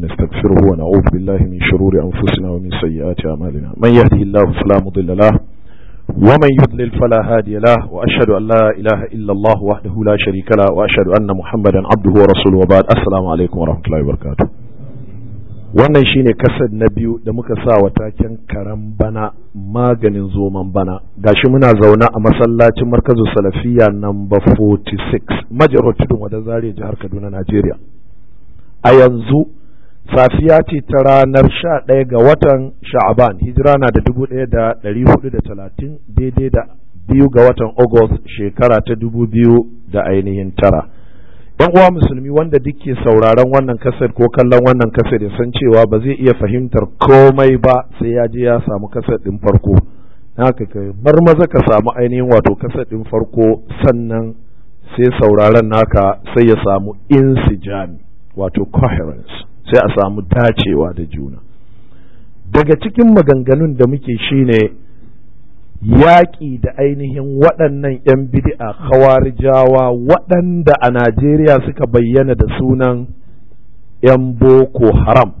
نستغفره ونعوذ بالله من شرور أنفسنا ومن سيئات أعمالنا من يهده الله فلا مضل له ومن يضلل فلا هادي له وأشهد أن لا إله إلا الله وحده لا شريك له وأشهد أن محمدا عبده ورسوله وبعد السلام عليكم ورحمة الله وبركاته wannan shine kasar na biyu da muka sa wa taken karan bana maganin zoman bana gashi muna zaune a masallacin markazu salafiya number 46 majalar tudun wadda zare jihar kaduna najeriya a yanzu safiya ce ta ranar 11 ga watan sha'aban hijira na da 1430 daidai da biyu ga watan august shekara ta 2000 da ainihin tara yan uwa musulmi wanda duk ke sauraron wannan kasar ko kallon wannan kasar ya san cewa ba zai iya fahimtar komai ba sai ya je ya samu kasar ɗin farko haka kai maza ka samu ainihin wato kasar ɗin farko sannan sai sauraron naka sai ya samu insijami wato coherence sai a samu dacewa da juna daga cikin maganganun da muke shine yaƙi da ainihin waɗannan 'yan bidi'a hawarijawa waɗanda a Najeriya suka bayyana da sunan 'yan boko haram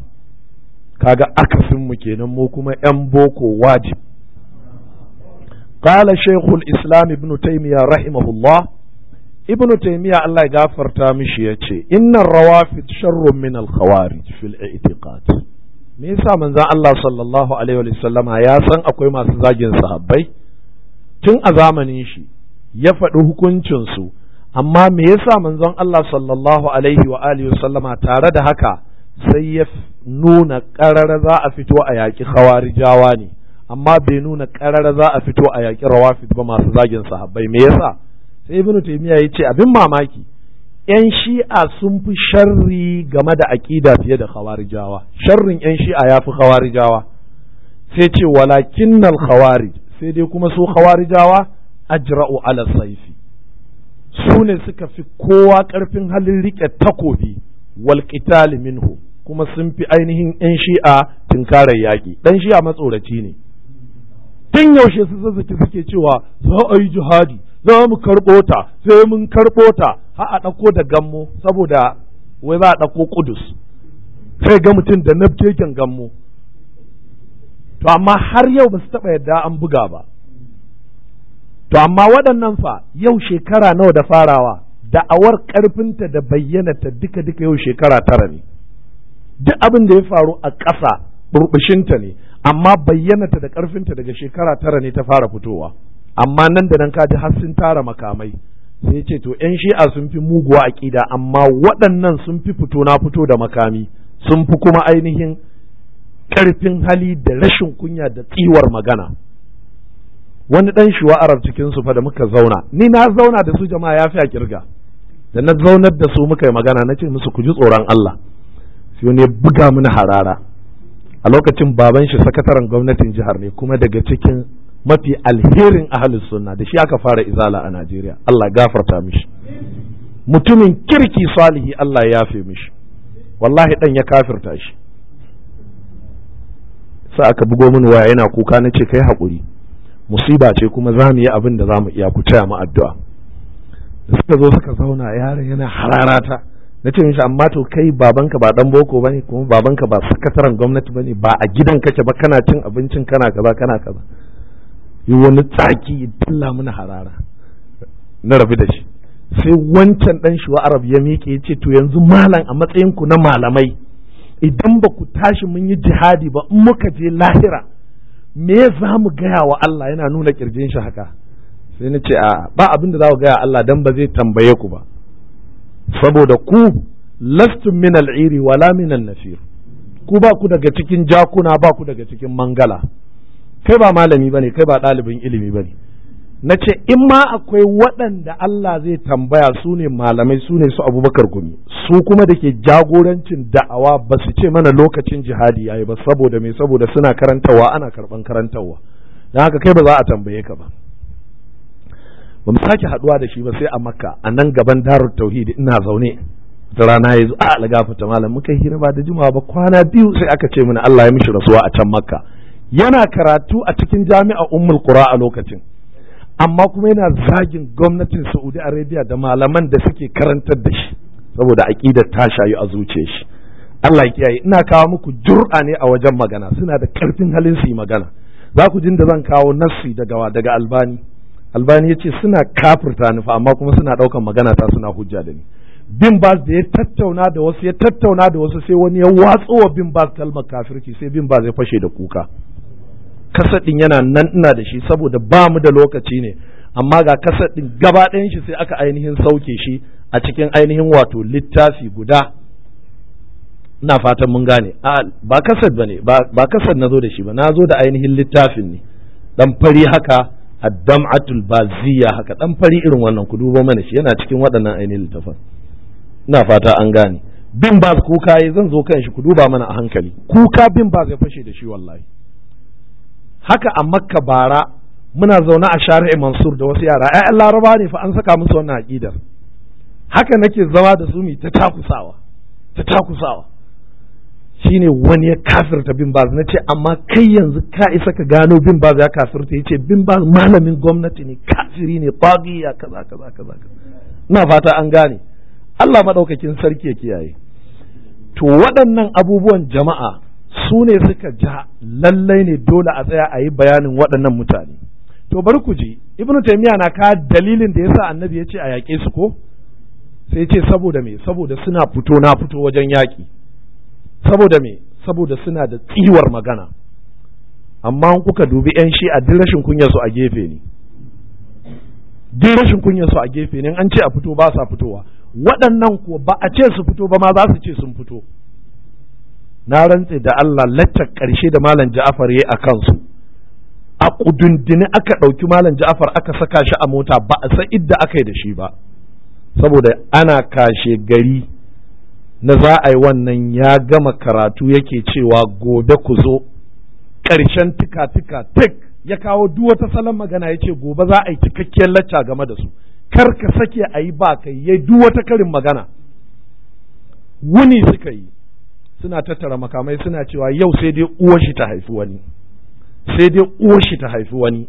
kaga akasinmu kenan mu kuma 'yan boko wajib قال شيخ الإسلام ابن تيمية رحمه الله ibn taymiya Allah ya gafarta mishi ya ce innan rawafid sharrun min al-khawarij fil i'tiqad me yasa manzon Allah sallallahu ya san akwai masu zagin sahabbai tun a zamanin shi ya faɗi hukuncin su amma me yasa manzon Allah sallallahu tare da haka sai ya nuna ƙarara za a fito a yaƙi khawarijawa ne amma bai nuna ƙarara za a fito a yaƙi rawafid ba masu zagin sahabai me yasa sai ibnu taymiya yace abin mamaki yan shi'a sun fi sharri game da aqida fiye da khawarijawa sharrin yan shi'a yafi khawarijawa sai ce walakinnal khawarij sai dai kuma su khawarijawa ajra'u ala saifi su ne suka fi kowa karfin halin rike takobi wal qital minhu kuma sun fi ainihin yan shi'a tinkarar yaƙi dan shi'a matsoraci ne tun yaushe su zazzaki suke cewa za a yi jihadi za mu karɓo ta sai mun karɓo ta har a ɗauko da gammo saboda wai za a ɗauko kudus sai ga mutum da nabteken gammo to amma har yau ba su taɓa yadda an buga ba to amma waɗannan fa yau shekara nawa da farawa da'awar ƙarfinta da bayyanata duka-duka yau shekara tara ne duk abin da ya faru a ƙasa burbushinta ne amma bayyanata da ƙarfinta daga shekara tara ne ta fara fitowa amma nan da nan kaji har sun tara makamai sai ce to yan shi'a sun fi muguwa a ƙida, amma waɗannan sun fi fito na fito da makami sun fi kuma ainihin ƙarfin hali da rashin kunya da tsiwar magana wani ɗan shiwa cikin su fa da muka zauna ni na zauna da su jama'a ya fi a ƙirga, da na zaunar da su muka yi magana na ce musu ku ji tsoron Allah sai wani buga mini harara a lokacin baban shi sakataren gwamnatin jihar ne kuma daga cikin mafi alherin ahalin sunna da shi aka fara izala a Najeriya Allah gafarta mishi mutumin kirki salihi Allah ya yafe mishi wallahi dan ya kafirta shi sa aka bugo min waya yana kuka na ce kai hakuri. musiba ce kuma za mu yi abin da za mu iya ku taya mu addu'a da suka zo suka zauna yaron yana hararata na ce mishi amma to kai babanka ba dan boko bane kuma babanka ba sakataren gwamnati bane ba a gidan kake ba kana cin abincin kana kaza kana kaza yi wani tsaki ya dilla mana harara na rabu da shi sai wancan dan shi arab ya miƙe ya ce to yanzu malam a matsayin ku na malamai idan ba ku tashi mun yi jihadi ba in muka je lahira me za mu gaya wa Allah yana nuna kirjin shi haka sai na ce a ba abin da za ku gaya Allah dan ba zai tambaye ku ba saboda ku lastu min al'iri wala min an-nafir ku ba ku daga cikin jakuna ba ku daga cikin mangala kai ba malami bane kai ba ɗalibin ilimi bane na ce in ma akwai waɗanda Allah zai tambaya su ne malamai su ne su abubakar gumi su kuma da ke jagorancin da'awa ba su ce mana lokacin jihadi ya ba saboda mai saboda suna karantarwa ana karɓan karantarwa don haka kai ba za a tambaye ka ba ba mu sake haɗuwa da shi ba sai a makka a nan gaban darut tauhidi ina zaune da rana ya zo ah, a ta malam muka hira ba da jimawa ba kwana biyu sai aka ce mana Allah ya mishi rasuwa a can makka yana karatu a cikin jami'a ummul qura a lokacin amma kuma yana zagin gwamnatin saudi arabia da malaman da suke karantar da shi saboda aƙidar ta shayu a zuce shi Allah ya kiyaye ina kawo muku jur'a ne a wajen magana suna da karfin halin su yi magana za ku jin da zan kawo nassi daga wa daga albani albani ya ce suna kafirta ni fa amma kuma suna ɗaukan magana ta suna hujja da ni bin bas da ya tattauna da wasu ya tattauna da wasu sai wani ya watso wa bin bas kalmar kafirci sai bin bas ya fashe da kuka kasadin yana nan ina da shi saboda ba mu da lokaci ne amma ga kasadin gaba ɗayan shi sai aka ainihin sauke shi a cikin ainihin wato littafi guda ina fatan mun gane a ba kasad bane ba kasad na zo da shi ba na zo da ainihin littafin ne dan fari haka addam'atul baziya haka dan fari irin wannan ku dubo mana shi yana cikin waɗannan ainihin littafin ina fata an gane bin ba kuka yi zan zo kan shi ku duba mana a hankali kuka bin ba zai fashe da shi wallahi haka a makka bara muna zaune a Shari'a mansur da wasu yara yayan laraba ne fa an saka musu wannan aƙidar haka nake zama da su mi ta takusawa ta takusawa shine wani ya kafirta bin baz na ce amma kai yanzu ka isa ka gano bin baz ya kafirta yace bin baz malamin gwamnati ne kafiri ne bagiya kaza kaza kaza ina fata an gane Allah madaukakin sarki ya kiyaye to waɗannan abubuwan jama'a su ne suka ja lallai ne dole a tsaya a yi bayanin waɗannan mutane to bari ku ji ibnu taymiya na ka dalilin da yasa annabi ya ce a yaƙe su ko sai ce saboda me saboda suna fito na fito wajen yaƙi saboda me saboda suna da tsiwar magana amma kuka dubi yan shi a duk rashin kunya su a gefe ne duk rashin kunya su a gefe ne an ce a fito ba sa fitowa waɗannan ko ba a ce su fito ba ma za su ce sun fito na rantse da Allah laccar ƙarshe da malam Ja'far yayi a kansu a kudundini aka ɗauki malam Ja'afar aka saka shi a mota ba a san idda aka yi da shi ba saboda ana kashe gari na za a yi wannan ya gama karatu yake cewa gobe ku zo ƙarshen tika-tika tik ya kawo duk wata salon magana ya ce gobe za a yi cikakkiyar lacca game da su kar ka sake a yi ba kai yai duk wata karin magana wuni suka yi suna tattara makamai suna cewa yau sai dai uwar shi ta haifi wani sai dai uwar shi ta haifi wani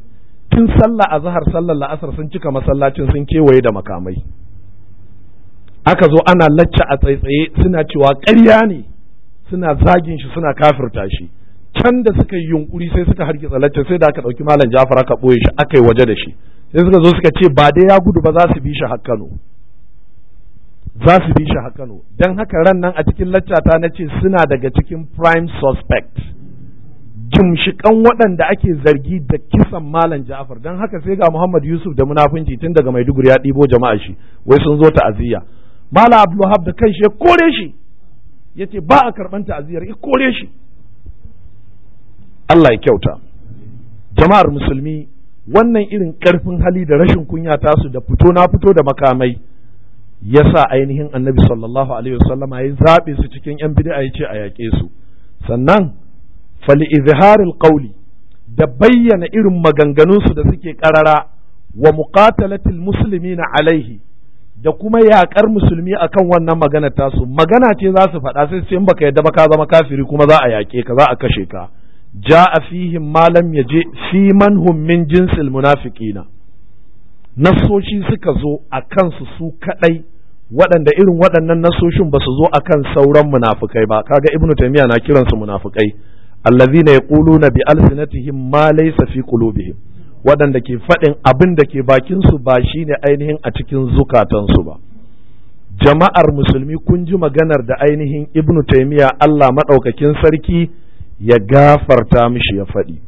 tun sallah a zahar sallar la'asar sun cika masallacin sun kewaye da makamai aka zo ana lacca a tsaitsaye suna cewa ƙarya ne suna zagin shi suna kafirta shi can da suka yi yunkuri sai suka harki lacca sai da aka ɗauki malam jafar aka ɓoye shi aka yi waje da shi sai suka zo suka ce ba dai ya gudu ba za su bi shi har kano za su bi shi hakano don haka ran nan a cikin laccata na ce suna daga cikin prime suspect jimshikan waɗanda ake zargi da kisan malam ja'afar don haka sai ga muhammad yusuf da munafunci tun daga maiduguri ya ɗibo jama'a shi wai sun zo ta'aziyya malam abdulwahab da kan shi kore shi ya ce ba a karɓan ta'aziyyar ya kore shi allah ya kyauta jama'ar musulmi wannan irin ƙarfin hali da rashin kunya tasu da fito na fito da makamai yasa ainihin annabi sallallahu alaihi wasallam ya zaɓe su cikin yan bid'a ya ce a yaƙe su sannan fali izharil qawli da bayyana irin maganganun su da suke karara wa muqatalatil muslimina alaihi da kuma yaƙar musulmi akan wannan magana tasu magana ce za su faɗa sai su in baka yadda ba ka zama kafiri kuma za a yaƙe ka za a kashe ka ja'a fihim ma lam yaji fi man hum min jinsil munafiqina nassoci suka zo a kansu su kadai waɗanda irin waɗannan nasoshin ba su zo a kan sauran munafukai ba kaga ibnu taimiya na kiransu munafukai ƙulu na bi alsinatihim ma laisa fi qulubihim waɗanda ke faɗin abin da ke bakinsu su ba ne ainihin a cikin zukatansu ba jama'ar musulmi kun ji maganar da ainihin ibnu taimiya Allah maɗaukakin sarki ya gafarta mishi ya faɗi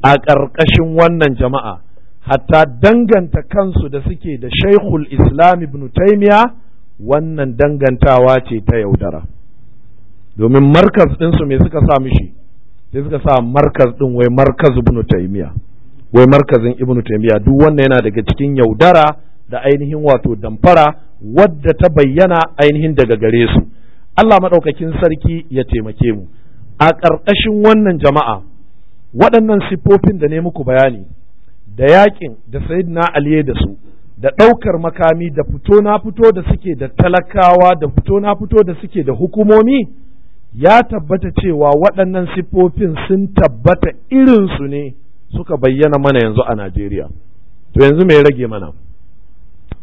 a ƙarƙashin wannan jama'a hatta danganta kansu da suke da shaikhul islam ibnu taimiya wannan dangantawa ce ta yaudara domin markaz ɗinsu me suka sa mishi sai suka sa markaz ɗin wai markaz ibnu taimiya wai markazin ibnu taimiya duk wannan yana daga cikin yaudara da ainihin wato damfara wadda ta bayyana ainihin daga gare su Allah maɗaukakin sarki ya taimake mu a ƙarƙashin wannan jama'a waɗannan siffofin da ne muku bayani da yaƙin da sayyidina aliye da su da ɗaukar makami da fito na fito da suke da talakawa da fito na fito da suke da hukumomi ya tabbata cewa waɗannan siffofin sun tabbata irinsu ne suka bayyana mana yanzu a Najeriya. To yanzu mai rage mana?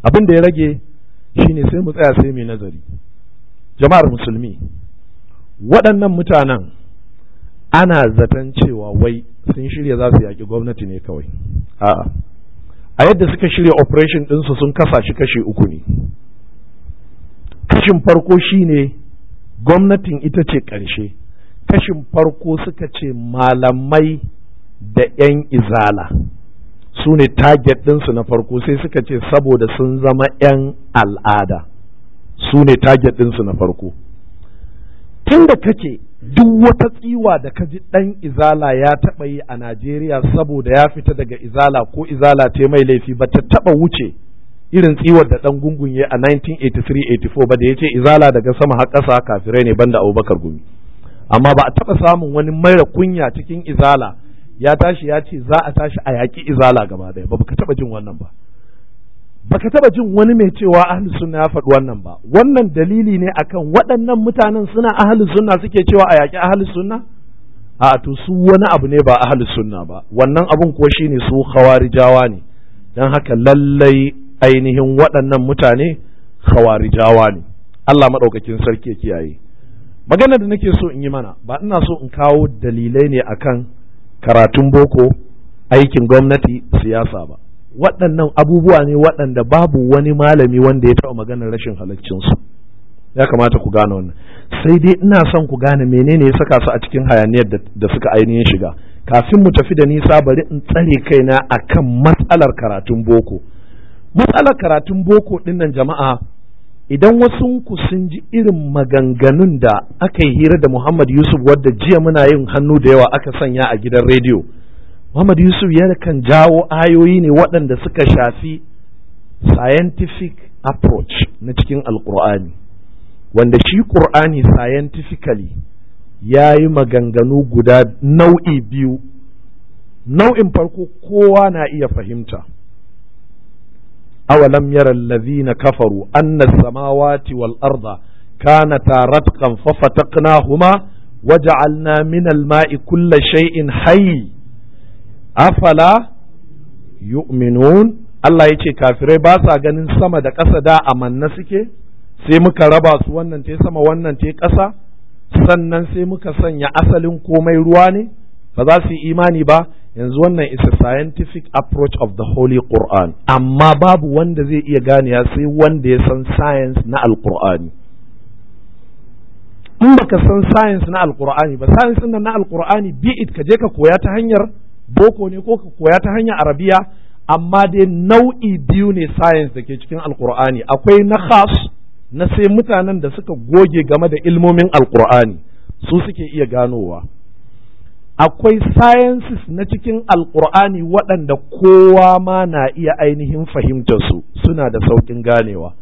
Abin da ya rage shi ne sai mu tsaya sai mai nazari. Jama'ar musulmi, waɗannan mutanen ana zaton cewa wai sun shirya za su yaƙi gwamnati ne kawai. A'a. a yadda suka shirya operation ɗinsu sun kasa shi kashi uku ne kashin farko shine gwamnatin ita ce ƙarshe kashin farko suka ce malamai da 'yan izala su ne target ɗinsu na farko sai suka ce saboda sun zama 'yan al'ada su ne target ɗinsu na farko tun da kake duk wata tsiwa da ka ji ɗan izala ya taɓa yi a Najeriya saboda ya fita daga izala ko izala ta mai laifi ba ta taɓa wuce irin tsiwar da ɗan gungun ya a 1983-84 ba da ya ce izala daga sama har ƙasa kafirai ne banda abubakar gumi amma ba a taɓa samun wani maira kunya cikin izala ya tashi ya ce za a tashi a yaƙi izala gaba ɗaya ba ka taɓa jin wannan ba baka taba jin wani mai cewa ahli sunna ya faɗi wannan ba wannan dalili ne akan waɗannan mutanen suna ahli sunna suke cewa a yaƙi ahli sunna a to su wani abu ne ba ahli sunna ba wannan abun ko shine su khawarijawa ne dan haka lallai ainihin waɗannan mutane khawarijawa ne Allah madaukakin sarki ya kiyaye Maganar da nake so in yi mana ba ina so in kawo dalilai ne akan karatun boko aikin gwamnati siyasa ba waɗannan abubuwa ne waɗanda babu wani malami wanda ya taɓa maganar rashin halaccinsu ya kamata ku gane wannan sai dai ina son ku gane menene ya saka su a cikin hayaniyar da suka ainihin shiga kafin mu tafi da nisa bari in tsare kaina akan matsalar karatun boko matsalar karatun boko dinnan jama'a idan wasu ku sun ji irin maganganun da aka yi hira da Muhammad Yusuf wadda jiya muna yin hannu da yawa aka sanya a gidan rediyo Muhammad Yusuf yakan jawo ayoyi ne waɗanda suka shafi scientific approach na cikin Alƙur'ani, wanda shi ƙur'ani scientifically ya yi maganganu guda nau'i biyu nau'in farko kowa na iya fahimta awalam yara na kafaru anna samawati wal arda kanata ratqan fafataqnahuma waja'alna min al-ma'i kulla shay'in hayi afala yu'minun Allah ya ce kafirai ba sa ganin sama da ƙasa da amanna suke sai muka raba su wannan te sama wannan te ƙasa sannan sai muka sanya asalin komai ruwa ne ba za su yi imani ba yanzu wannan is a scientific approach of the holy Quran amma babu wanda zai iya ganiya sai wanda ya san science na alqur'ani in baka san science na alkur'ani ba science na alqur'ani bi it ka je ka koya ta hanyar boko ne ko ka koya ta hanyar arabiya amma dai nau'i biyu ne science da ke cikin alkur'ani akwai na khas na sai mutanen da suka goge game da ilmomin alkur'ani su suke iya ganowa akwai sciences na cikin alkur'ani waɗanda kowa ma na iya ainihin fahimtarsu suna da sauƙin ganewa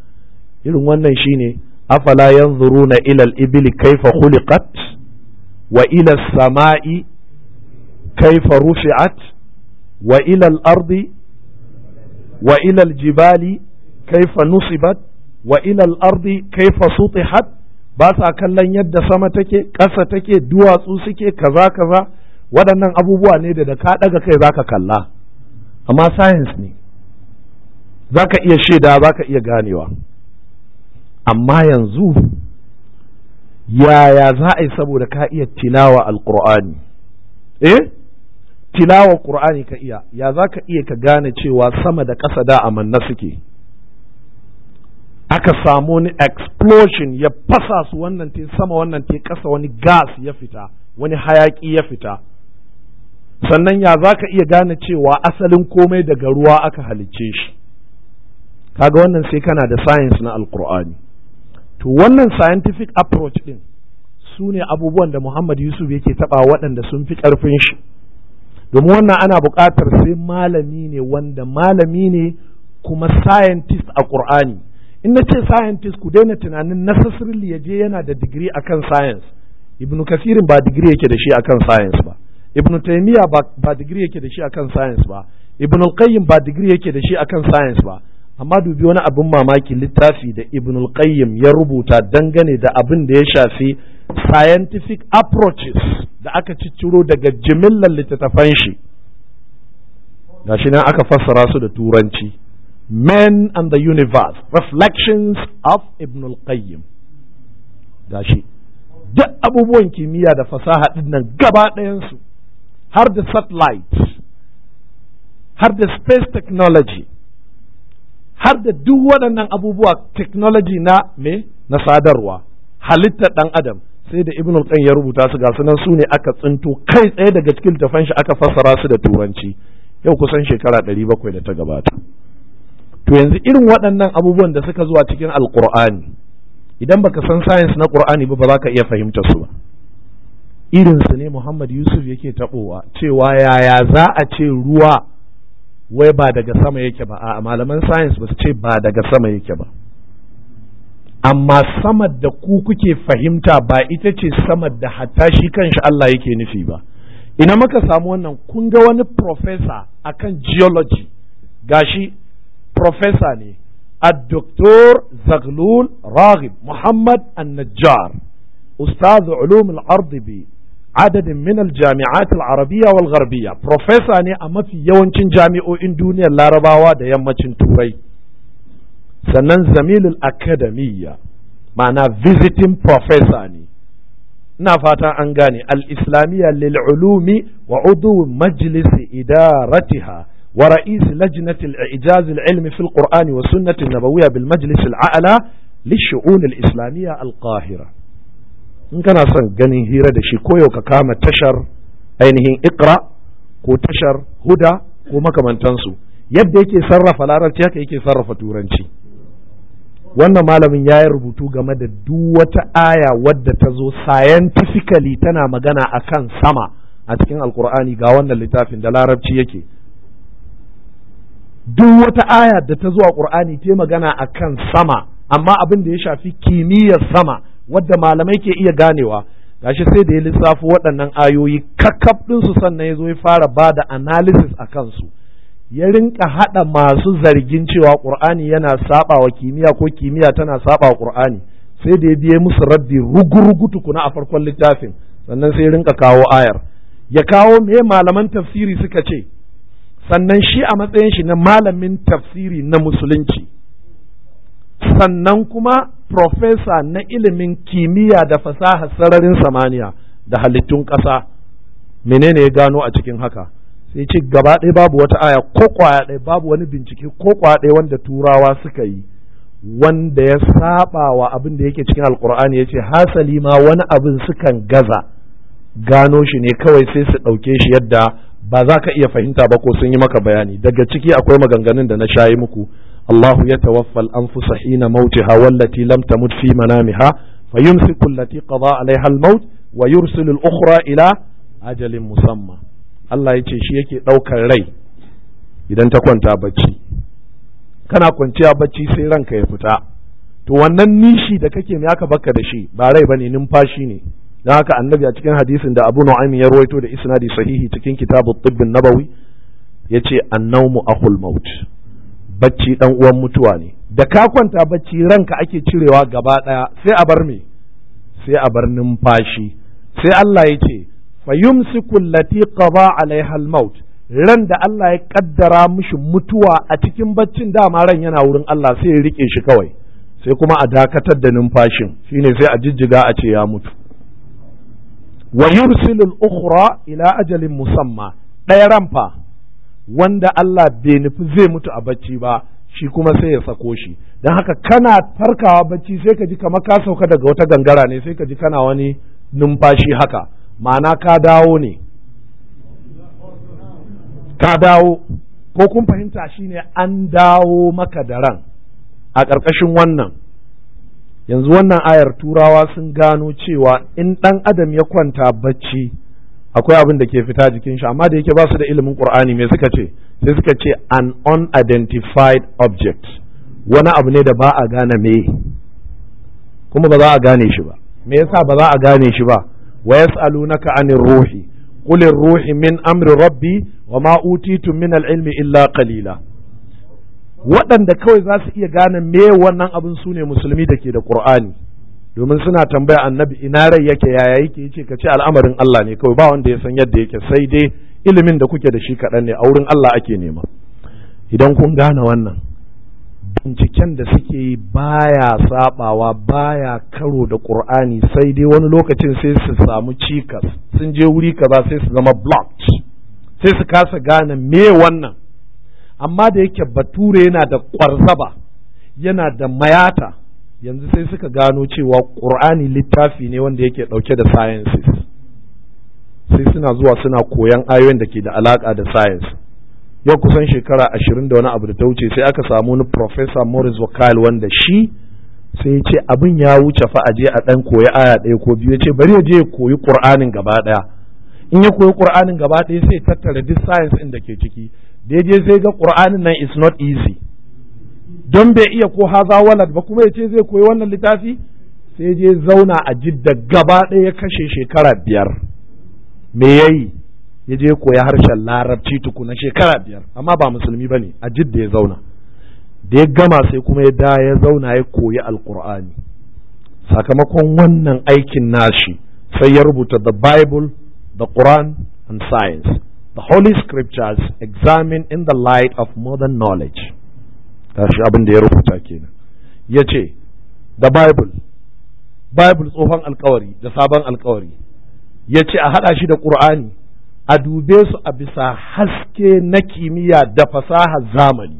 irin wannan shine afala yanzuruna ilal ibili kaifa khuliqat wa ila sama'i kaifa rufi'at wa ilal ardi wa ilal jibali kaifa nusibat wa'ilal ilal ardi kaifa sutihat ba sa kallon yadda sama take ƙasa take duwatsu suke kaza kaza waɗannan abubuwa ne da da ka ɗaga kai zaka kalla amma science ne zaka iya shaida zaka iya ganewa amma yanzu yaya za a yi saboda ka iya tilawa alkur'ani eh tilawar qur'ani ka iya ya za ka iya ka gane cewa sama da ƙasa da amanna suke aka samu wani explosion ya fasa su wannan te sama wannan te ƙasa wani gas ya fita wani hayaƙi ya fita sannan ya za ka iya gane cewa asalin komai daga ruwa aka halicce shi kaga wannan sai kana da science na alkur'ani to wannan scientific approach ɗin su ne abubuwan da muhammad yusuf yake taba waɗanda sun fi ƙarfin shi domin wannan ana buƙatar sai malami ne wanda malami ne kuma scientist a ƙur'ani in na ce scientist ku daina tunanin necessarily ya je yana da digiri akan science Ibn kasirin ba digiri yake da shi akan science ba Ibn taymiya ba digiri yake da shi akan science ba al qayyim ba digiri yake da shi akan science ba amma dubi wani abin mamaki littafi da ibn qayyim ya rubuta dangane da abin da ya shafi scientific approaches da aka cicciro daga jimillar littattafan shi shi nan aka fassara su da turanci men and the universe reflections of ibn qayyim shi duk abubuwan kimiyya da fasaha din nan gaba ɗayansu har da satellites har da space technology har da duk waɗannan abubuwa technology na me na sadarwa halittar ɗan adam sai da Ibn qayyim ya rubuta su ga sunan su ne aka tsinto kai tsaye daga cikin tafan shi aka fassara su da turanci yau kusan shekara ɗari bakwai da ta gabata to yanzu irin waɗannan abubuwan da suka zuwa cikin alqur'ani idan baka san science na Ƙur'ani ba ba za ka iya fahimta su ba irin su ne Muhammad Yusuf yake taɓowa cewa yaya za a ce ruwa wai ba daga sama yake ba a malaman science ba su ce ba daga sama yake ba amma sama da ku kuke fahimta ba ita ce sama da hatta shi kanshi Allah yake nufi ba ina muka samu wannan kun ga wani professor akan geology gashi professor ne الدكتور زغلول an Najjar ustaz أستاذ علوم الأرض adadin minal jami'at al-arabiyya wal gharbiyya profesa ne a mafi yawancin jami'o'in duniyar larabawa da yammacin turai sannan zamilul akademiyya ma'ana visiting professor ne ina fata an gane al-islamiyya lil ulumi wa udu majlis idaratiha wa ra'is lajnati al-i'jaz al-ilmi fi al wa sunnati an-nabawiyya bil majlis al-a'la للشؤون الإسلامية القاهرة in kana son ganin hira da shi koyau ka kama tashar ainihin ikra ko tashar huda ko makamantansu yadda yake sarrafa larabci haka yake sarrafa turanci wannan malamin ya yi rubutu game da duk wata aya wadda ta zo scientifically tana magana a kan sama a cikin alkur'ani ga wannan littafin da larabci yake duk wata aya da ta zuwa ƙur'ani ta magana a kan sama amma abin da ya shafi kimiyyar sama wadda malamai ke iya ganewa gashi sai da ya lissafo waɗannan ayoyi kakkaf su sannan ya zo ya fara ba da analysis a kansu ya rinka haɗa masu zargin cewa ƙur'ani yana saɓa wa kimiyya ko kimiyya tana saɓa wa sai da ya biye musu rabbi rugurugu tukuna a farkon littafin sannan sai ya rinka kawo ayar ya kawo me malaman tafsiri suka ce sannan shi a matsayin shi na malamin tafsiri na musulunci sannan kuma profesa na ilimin kimiyya da fasaha sararin samaniya da halittun ƙasa menene ya gano a cikin haka sai ce gaba ɗaya babu wata aya ko kwaya ɗaya babu wani bincike ko kwaya ɗaya wanda turawa suka yi wanda ya saba wa abin da yake cikin alkur'ani ya ce hasali ma wani abin sukan gaza gano shi ne kawai sai su ɗauke shi yadda ba za ka iya fahimta ba ko sun yi maka bayani daga ciki akwai maganganun da na shayi muku Allahu ya tawaffal anfusa hina mautiha wallati lam tamut fi manamiha fayumsiku allati qada alaiha al-maut wa yursilu al ila ajalin musamman. Allah ya ce shi yake ɗaukar rai idan ta kwanta bacci kana kwanciya bacci sai ranka ya fita to wannan nishi da kake me aka baka da shi ba rai bane numfashi ne dan haka annabi a cikin hadisin da Abu Nu'aym ya rawaito da isnadi sahihi cikin kitabut tibbin nabawi yace annawmu akhul maut bacci dan uwan mutuwa ne da ka kwanta bacci ranka ake cirewa gaba ɗaya sai a bar me sai a bar numfashi sai Allah ya ce yumsiku allati qada alaiha almaut ran da Allah ya kaddara mishi mutuwa a cikin baccin dama ran yana wurin Allah sai ya rike shi kawai sai kuma a dakatar da numfashin shine sai a jijjiga a ce ya mutu wa yursilu al-ukhra ila ajalin musamma ɗaya ran fa wanda Allah bai nufi zai mutu a bacci ba shi kuma sai ya sako shi don haka kana farkawa bacci sai ka ji kamar ka sauka daga wata gangara ne sai ka ji kana wani numfashi haka ma'ana ka dawo ne ka dawo ko kun fahimta shi ne an dawo maka da ran a ƙarƙashin wannan yanzu wannan ayar turawa sun gano cewa in ɗan adam ya kwanta bacci akwai abin da ke fita jikin shi amma da yake ba su da ilimin qur'ani me suka ce sai suka ce an unidentified object wani abu ne da ba a gane me kuma ba za a gane shi ba me yasa ba za a gane shi ba wa yas'alunaka anir ruhi qul ruhi min amri rabbi wa ma utitu min al-ilmi illa kalila waɗanda kawai za su iya gane me wannan abun su ne musulmi da ke da qur'ani domin suna tambaya annabi ina rai yake yaya yake yace ka ce al'amarin Allah ne kawai ba wanda ya san yadda yake sai dai ilimin da kuke da shi kaɗan ne a wurin Allah ake nema idan kun gane wannan binciken da suke yi baya sabawa baya karo da qur'ani sai dai wani lokacin sai su samu cikas sun je wuri kaza sai su zama blocked sai su kasa gane me wannan amma da yake bature yana da kwarzaba yana da mayata yanzu sai suka gano cewa ƙur'ani littafi ne wanda yake ɗauke da sciences sai suna zuwa suna koyan ayoyin da ke da alaƙa da science yau kusan shekara ashirin da wani abu da ta wuce sai aka samu wani professor Morris Wakal wanda shi sai ce abin ya wuce fa aje a ɗan koyi aya ɗaya ko biyu ya ce bari ya je ya koyi ƙur'anin gaba ɗaya in ya koyi ƙur'anin gaba ɗaya sai ya tattara duk science ɗin da ke ciki daidai sai ga ƙur'anin nan is not easy don bai iya ko haza walad ba kuma ya ce zai koyi wannan littafi sai je zauna a jidda gaba ɗaya ya kashe shekara biyar me yayi ya je koya harshen larabci tukuna shekara biyar amma ba musulmi ba ne a jidda ya zauna da ya gama sai kuma ya da ya zauna ya koyi alkur'ani sakamakon wannan aikin nashi sai ya rubuta the bible the quran and science the holy scriptures examined in the light of modern knowledge shi abin da ya rubuta kenan ya ce da bible bible tsohon alkawari da sabon alkawari ya ce a haɗa shi da ƙur'ani a dube su a bisa haske na kimiyya da fasaha zamani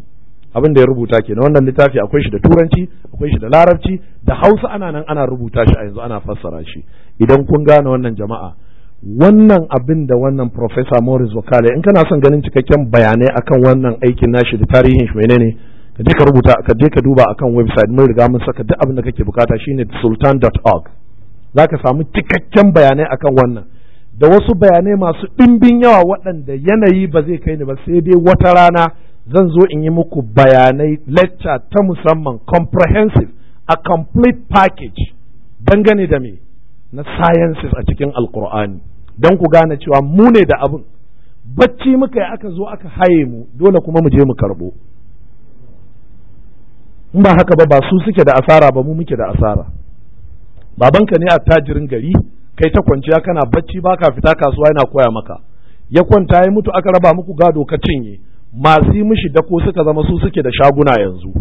abin da ya rubuta kenan wannan littafi akwai shi da turanci akwai shi da larabci da hausa ana nan ana rubuta shi a yanzu ana fassara shi idan kun gane wannan jama'a wannan abin da wannan professor Morris Wakale in kana son ganin cikakken bayanai akan wannan aikin nashi da tarihin shi menene ka je ka rubuta ka je ka duba akan website mun riga mun saka duk abin da kake bukata shine sultan.org za ka samu cikakken bayanai akan wannan da wasu bayanai masu ɗimbin yawa waɗanda yanayi ba zai kai ni ba sai dai wata rana zan zo in yi muku bayanai lecture ta musamman comprehensive a complete package dangane da me na sciences a cikin alkur'ani don ku gane cewa mu ne da abin bacci muka yi aka zo aka haye mu dole kuma mu je mu karɓo in ba haka ba ba su suke da asara ba mu muke da asara babanka ne a tajirin gari kai ta kwanciya kana bacci ba ka fita kasuwa yana koya maka ya kwanta ya mutu aka raba muku gado ka cinye masu yi mishi dako suka zama su suke da shaguna yanzu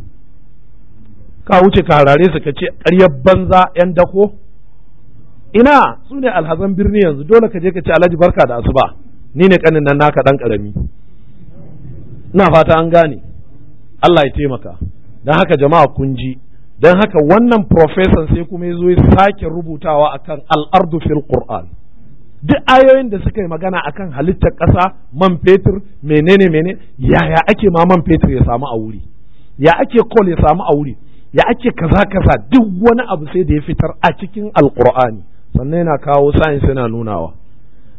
ka wuce ka harare su ka ce ƙaryar banza 'yan dako ina su ne alhazan birni yanzu dole ka je ka ce alhaji barka da asuba ni ne kanin nan naka dan karami ina fata an gane Allah ya taimaka don haka jama'a kun ji don haka wannan profesan sai kuma ya zo ya sake rubutawa akan al'ardu fil qur'an duk ayoyin da suka yi magana akan halittar ƙasa man fetur menene menene yaya ake ma man fetur ya samu a wuri ya ake kol ya samu a wuri ya ake kaza kaza duk wani abu sai da ya fitar a cikin alqur'ani sannan yana kawo science yana nunawa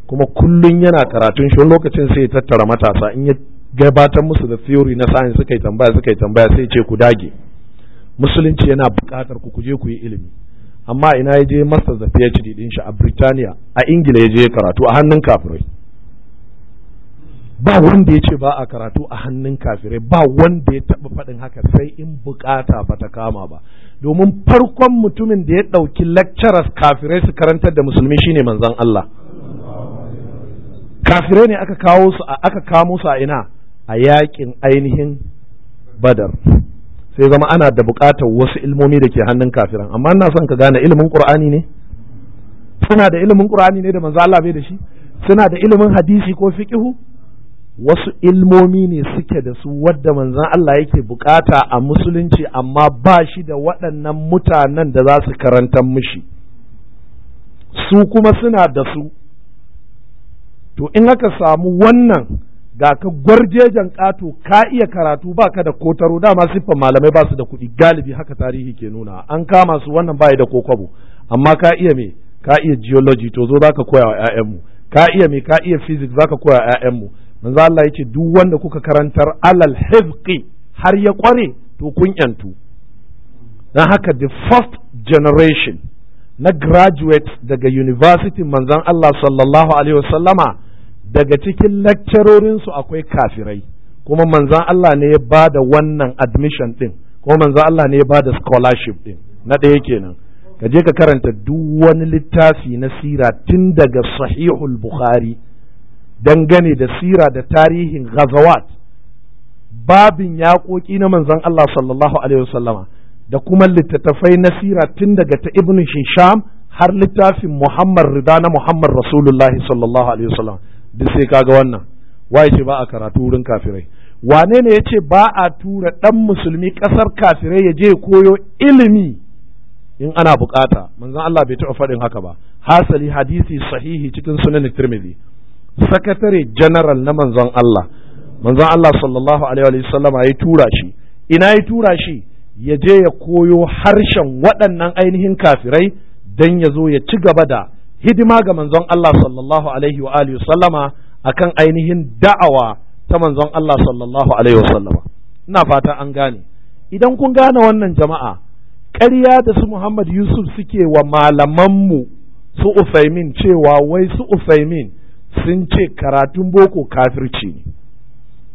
kuma kullum yana karatun shi lokacin sai ya tattara matasa in ya gabatar musu da theory na science suka yi tambaya suka yi tambaya sai ce ku dage musulunci yana buƙatar ku kuje ku yi ilimi amma ina ya je masters da phd din shi a Britania a ingila ya je karatu a hannun kafirai ba wanda ya ce ba a karatu a hannun kafirai ba wanda ya taɓa faɗin haka sai in bukata ba ta kama ba domin farkon mutumin da ya ɗauki lecturers kafirai su karantar da musulmi shine manzon Allah kafirai ne aka kawo su aka kamo su a ina a yakin ainihin badar sai zama ana da buƙatar wasu ilmomi da ke hannun kafiran amma ina son ka gane ilimin ƙur'ani ne suna da ilimin ƙur'ani ne da manzo Allah bai da shi suna da ilimin hadisi ko fiqhu wasu ilmomi ne suke da su wadda manzon Allah yake bukata a musulunci amma ba shi da waɗannan mutanen da za su karantar mishi su kuma suna da su to in aka samu wannan ga ka gwarjejen ƙato ka iya karatu ba ka da kotaro dama siffan malamai ba su da kuɗi galibi haka tarihi ke nuna an kama su wannan baya da kokwabo amma ka iya me ka iya geology to zo zaka koya wa ƴaƴanmu ka iya me ka iya physics zaka koya wa ƴaƴanmu manzo Allah yace duk wanda kuka karantar alal hifqi har ya kware to kun yantu dan haka the first generation na graduate daga university manzon Allah sallallahu alaihi wasallama daga cikin lakcarorinsu akwai kafirai kuma manzan Allah ne ya ba da wannan admission ɗin kuma manzan Allah ne ya ba da scholarship ɗin na ɗaya kenan ka je ka karanta duk wani littafi na sira tun daga sahihul bukhari dangane da sira da tarihin ghazawat babin yaƙoƙi na manzan Allah sallallahu alaihi wasallama da kuma littattafai na sira tun daga ta ibn shisham har littafin muhammad rida na muhammad rasulullahi sallallahu alaihi wasallam duk sai kaga wannan waye ce ba a karatu wurin kafirai wane ne ya ce ba a tura ɗan musulmi ƙasar kafirai ya je koyo ilimi in ana bukata manzon Allah bai taɓa faɗin haka ba hasali hadisi sahihi cikin sunan tirmidhi sakatare general na manzon Allah manzon Allah sallallahu alaihi wa sallam ya tura shi ina ya tura shi ya je ya koyo harshen waɗannan ainihin kafirai dan ya zo ya ci gaba da hidima ga manzon Allah sallallahu alaihi wa alihi sallama akan ainihin da'awa ta manzon Allah sallallahu alaihi wa sallama ina fata an gane idan kun gane wannan jama'a ƙarya da su Muhammad Yusuf suke wa malaman mu su Ufaimin cewa wai su Ufaimin sun ce karatun boko kafirci ne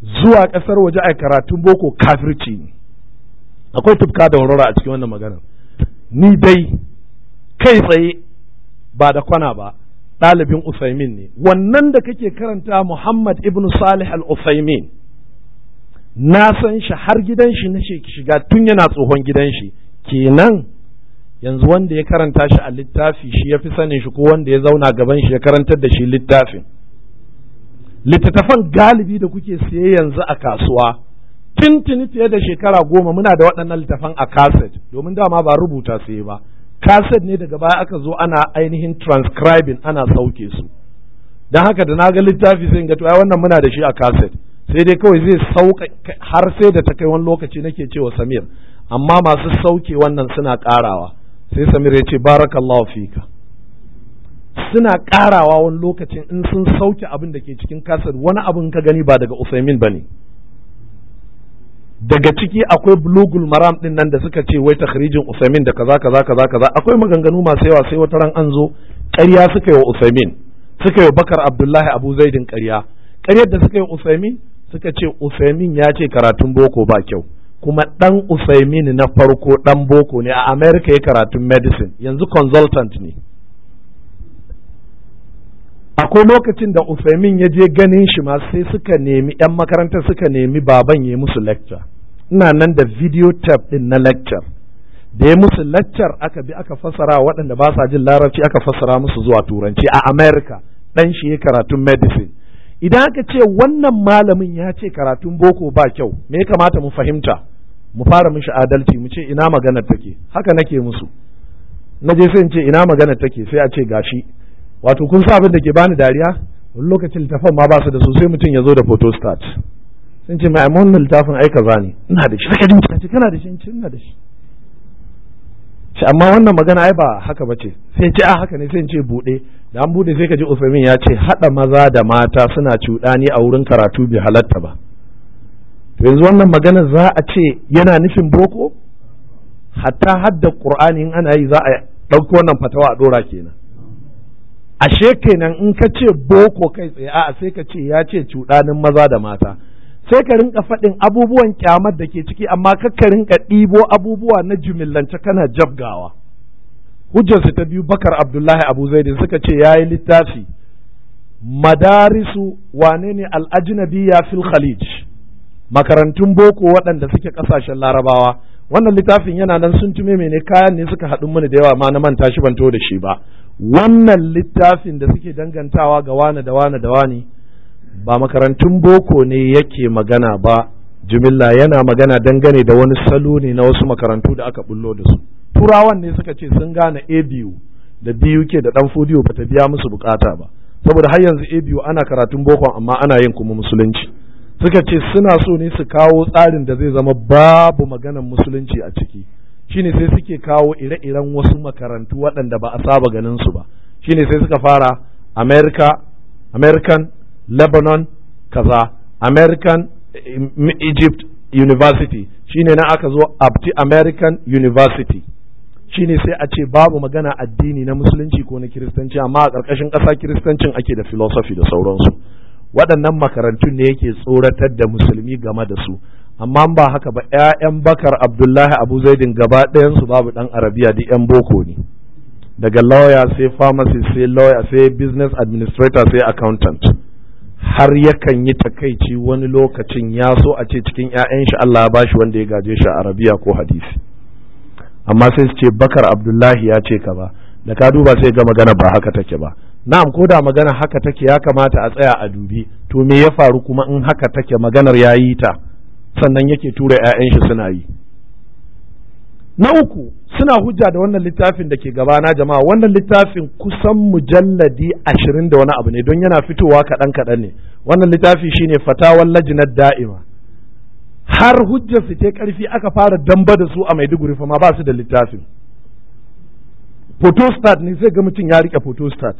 zuwa ƙasar waje a karatun boko kafirci ne akwai tufka da warwara a cikin wannan maganar ni dai kai tsaye ba da kwana ba ɗalibin Usaimin ne wannan da kake karanta Muhammad ibn Salih al-Usaimin na san shi har gidan shi na shiga tun yana tsohon gidan shi kenan yanzu wanda ya karanta shi a littafi shi ya fi sanin shi ko wanda ya zauna gaban shi ya karantar da shi littafin littattafan galibi da kuke siye yanzu a kasuwa tintini fiye da shekara goma muna da waɗannan littafan a kaset domin dama ba rubuta siye ba kaset ne daga baya aka zo ana ainihin transcribing ana sauke su don haka da na ga littafi sai ga to ai wannan muna da shi a kaset sai dai kawai zai sauka har sai da ta kai wani lokaci nake cewa Samir amma masu sauke wannan suna karawa sai Samir ya ce barakallahu fika suna karawa wani lokacin in sun sauke abin da ke cikin kaset wani abin ka gani ba daga Usaimin bane daga ciki akwai bulugul maram din nan da suka ce wai takhrijin usaimin da kaza kaza kaza kaza akwai maganganu masu yawa sai wata ran an zo ƙarya suka yi wa usaimin suka yi bakar abdullahi abu zaidin ƙarya ƙaryar da suka yi usaimin suka ce usaimin ya ce karatun boko ba kyau kuma dan usaimin na farko dan boko ne a america ya karatun medicine yanzu consultant ne akwai lokacin da Usaimin ya je ganin shi ma sai suka nemi yan makarantar suka nemi baban ya yi musu lecture ina nan da video tape din na lecture da ya musu lecture aka bi aka fassara waɗanda ba sa jin larabci aka fassara musu zuwa turanci a America dan shi ya karatun medicine idan aka ce wannan malamin ya ce karatun boko ba kyau me ya kamata mu fahimta mu fara mishi adalci mu ce ina magana take haka nake musu na je sai in ce ina magana take sai a ce gashi wato kun sa abin da ke bani dariya wani lokacin littafan ma ba su da sosai mutum ya zo da start sun ce mai wannan littafin ai za ne ina da shi kake dinka ce kana da shi ce ina da shi ce amma wannan magana ai ba haka ba ce sai ce a ah, haka ne sai in ce bude da an bude sai ka ji Usaimin ya ce hada maza da mata suna cuɗani a wurin karatu bai halatta ba to yanzu wannan magana za a ce yana nufin boko hatta hadda qur'ani in ana yi za a ɗauki wannan fatawa a ɗora kenan ashe kenan in ka ce boko kai tsaye a'a sai ka ce ya ce cuɗanin maza da mata sai ka rinka faɗin abubuwan kyamar da ke ciki amma ka rinka ɗibo abubuwa na jimillance kana jabgawa hujjarsu ta biyu bakar abdullahi abu zaidi suka ce ya yi littafi madarisu wane ne ya fil khalij makarantun boko waɗanda suke ƙasashen larabawa wannan littafin yana nan sun tume mene kayan ne suka haɗu mini da yawa ma na manta shi ban to da shi ba wannan littafin da suke dangantawa ga wane da wane da wane ba makarantun boko ne yake magana ba jimilla yana magana dangane da wani salo ne na wasu makarantu da aka bullo da su turawan ne suka ce sun gane a biyu da biyu ke da dan fodiyo bata biya musu bukata ba saboda har yanzu a biyu ana karatun boko amma ana yin kuma musulunci suka ce suna so ne su kawo tsarin da zai zama babu maganar musulunci a ciki shine sai suke kawo ire-iren wasu makarantu waɗanda ba a saba ganin su ba shine sai suka fara America American Lebanon kaza American eh, eh, Egypt University shine na aka zo Abti American University shine sai a ce babu magana addini na musulunci ko na kiristanci amma a ƙarƙashin ƙasa kiristancin ake da filosofi da sauransu waɗannan makarantun ne yake tsoratar da musulmi game da su amma ba haka ba 'ya'yan bakar abdullahi abu zaidin gaba ɗayansu babu ɗan arabiya da 'yan boko ne daga lawyer sai pharmacy sai lawyer sai business administrator sai accountant har yakan yi takaici wani lokacin ya so a ce cikin 'ya'yan shi Allah ya bashi wanda ya gaje shi a arabiya ko hadisi amma sai su ce bakar abdullahi ya ce ka ba da ka duba sai ga magana ba haka take ba na'am ko da magana haka take ya kamata a tsaya a dubi to me ya faru kuma in haka take maganar ya yi ta sannan yake tura 'ya'yan shi suna yi na uku suna hujja da wannan littafin da ke gabana jama'a wannan littafin kusan mujalladi ashirin da wani abu ne don yana fitowa kaɗan kaɗan ne wannan littafi shine fatawan lajinar da'ima har hujjar su ta aka fara damba da su a maiduguri fa ma ba da littafin photostat ne zai ga mutum ya riƙe photostat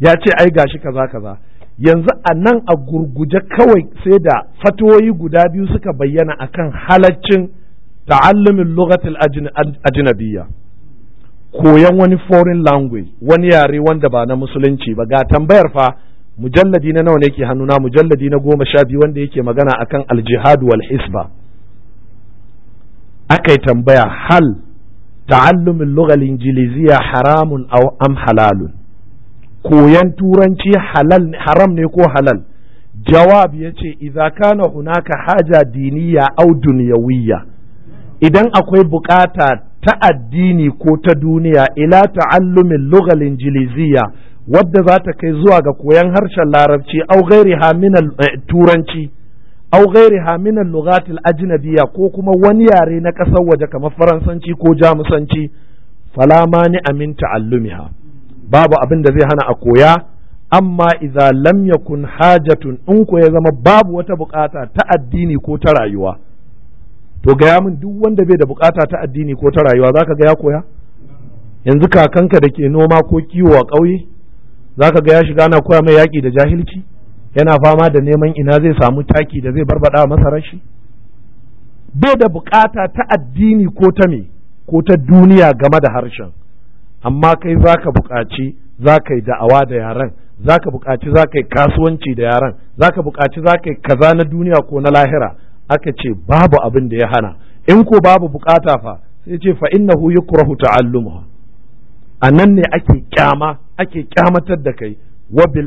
ya ce ai gashi kaza kaza yanzu a nan a gurguje kawai sai da fatoyi guda biyu suka bayyana a kan halaccin ta'allumin lugatul Ajinabiya. koyan wani foreign language wani yare wanda ba na musulunci ba ga tambayar fa mujalladi na nawa ne ke hannuna mujalladi na goma sha biyu wanda yake magana a kan aljihadu wal hisba aka yi tambaya hal ta'allumin lugal ingiliziya haramun au am halalun koyan turanci halal haram ne ko halal jawab ya ce idza kana hunaka haja diniya au dunyawiyya idan akwai bukata ta addini ko ta duniya ila ta'allumin lughal injiliziya wadda za ta kai zuwa ga koyan harshen larabci au ghairiha min eh, turanci au ghairiha min al-lughat ko kuma wani yare na ƙasar waje kamar faransanci ko jamusanci fala ni amin ta'allumiha babu abin da zai hana a koya amma idza lam yakun hajatun in ko ya zama babu wata bukata ta addini ko ta rayuwa to gaya min duk wanda bai da bukata ta addini ko ta rayuwa zaka ga ya koya yanzu kakanka da ke noma ko kiwo a ƙauye zaka ga ya shiga na koya mai yaƙi da jahilci yana fama da neman ina zai samu taki da zai barbada masarashi? shi bai da bukata ta addini ko ta me ko ta duniya game da harshen amma kai za ka buƙaci za ka yi da'awa da yaren za ka buƙaci za ka yi kasuwanci da yaren za ka buƙaci za ka yi kaza na duniya ko na lahira aka ce babu abin da ya hana in ko babu buƙata fa sai ce fa innahu yukrahu ta'allumuha a nan ne ake kyama ake kyamatar da kai wabil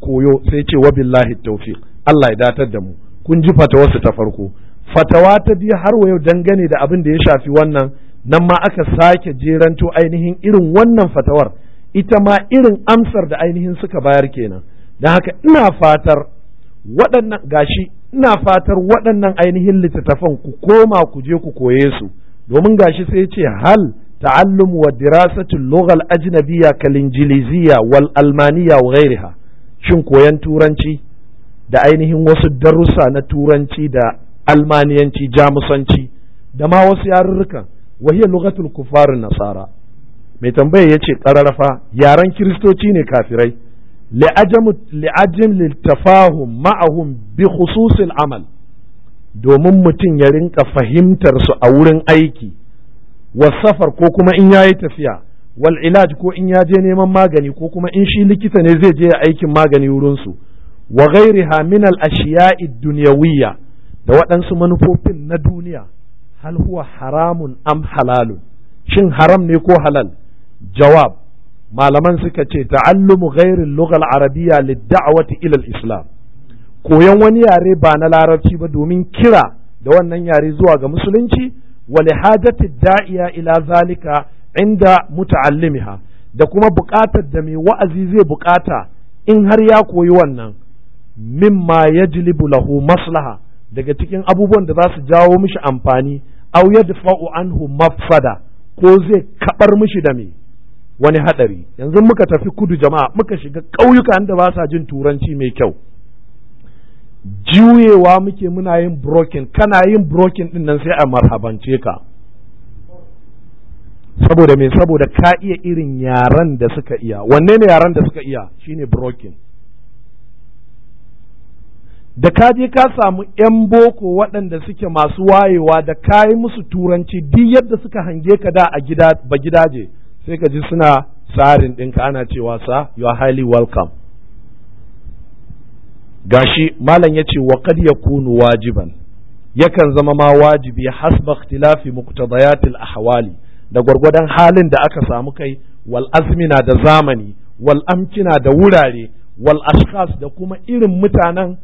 koyo sai ce wabillahi tawfiq Allah ya datar da mu kun ji fatawarsu ta farko fatawa ta biyu har yau dangane da abin da ya shafi wannan nan ma aka sake jeranto ainihin irin wannan fatawar ita ma irin amsar da ainihin suka bayar kenan don haka ina fatar waɗannan gashi ina fatar waɗannan ainihin littattafan ku koma ku je ku koye su domin gashi sai ce hal ta'allum wa dirasatu lughal ajnabiyya kal injiliziya wal almaniya wa ghairiha shin koyan turanci da ainihin wasu darussa na turanci da almaniyanci jamusanci da ma wasu yarurrukan wa hiya lughatul kufarin nasara mai tambaya yace ƙararrafa. yaran kiristoci ne kafirai li'ajin li'ajam ma'ahum bi khususil amal domin mutum ya rinka fahimtar su a wurin aiki wasafar ko kuma in yayi tafiya wal ilaj ko in ya je neman magani ko kuma in shi likita ne zai je aikin magani wurinsu. wa gairi haminal ashiya'i dunyawiyya da waɗansu manufofin na duniya hal haramun am halalun shin haram ne ko halal jawab malaman suka ce ta'allumu ghairil lughal arabiyya lid-da'wati ila islam koyon wani yare ba na larabci ba domin kira da wannan yare zuwa ga musulunci wa lihajati da'iya ila zalika inda muta'allimiha da kuma buƙatar da mai wa'azi zai buƙata in har ya koyi wannan mimma jilibu lahu maslaha daga cikin abubuwan da za su jawo mishi amfani aw yadfa'u anhu mafsada ko zai kabar mishi da me wani hadari yanzu muka tafi kudu jama'a muka shiga ƙauyuka da ba sa jin turanci mai kyau juyewa muke muna yin broken kana yin broken din nan sai a marhabance ka saboda me saboda ka iya irin yaran da suka iya wanne ne yaran da suka iya shine broken da ka je ka samu 'yan boko waɗanda suke masu wayewa da ka yi musu turanci duk yadda suka hange ka da a gida ba gidaje sai ka ji suna tsarin ɗinka ana cewa sa you are highly welcome gashi malam ya ce wa kad kunu wajiban yakan zama ma wajibi hasba ikhtilafi muqtadayatil ahwali da gwargwadon halin da aka samu kai wal azmina da zamani wal amkina da wurare wal ashkas da kuma irin mutanen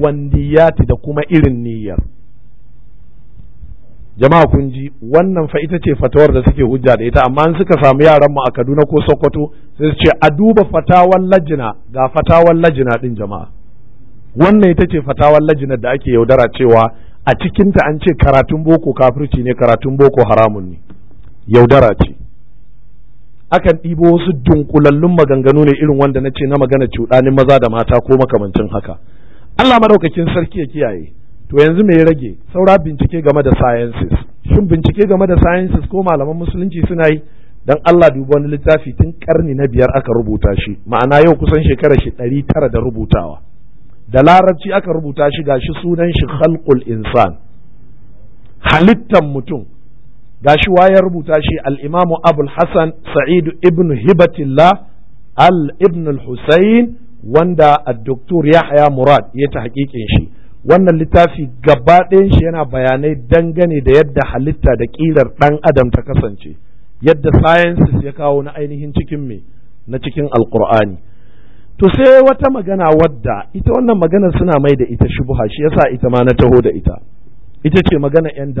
wandiyati da kuma irin niyyar jama'a kun ji wannan fa ita ce fatawar da suke hujja da ita amma an suka samu yaran mu a Kaduna ko Sokoto sai su ce a duba fatawan lajina ga fatawan lajina din jama'a wannan ita ce fatawan lajina da ake yaudara cewa a cikinta an ce karatun boko kafirci ne karatun boko haramun ne yaudara ce akan ɗibo wasu dunkulallun maganganu ne irin wanda na ce na magana cuɗanin maza da mata ko makamancin haka Allah maɗaukakin sarki ya kiyaye to yanzu me ya rage saura bincike game da sciences shin bincike game da sciences ko malaman musulunci suna yi dan Allah duba wani littafi tun karni na biyar aka rubuta shi ma'ana yau kusan shekara shi ɗari tara da rubutawa da larabci aka rubuta shi ga shi sunan shi khalqul insan halittan mutum gashi ya rubuta shi al-imamu abul hasan sa'id ibn hibatillah al ibn al-husayn wanda addoktor Yahaya Murad ya ta hakikin shi wannan littafi gaba ɗayan shi yana bayanai dangane da yadda halitta da ƙirar ɗan adam ta kasance yadda sciences ya kawo na ainihin cikin me na cikin alkur'ani to sai wata magana wadda ita wannan magana suna mai da ita shubuha shi yasa ita ma na taho da ita ita ce magana yan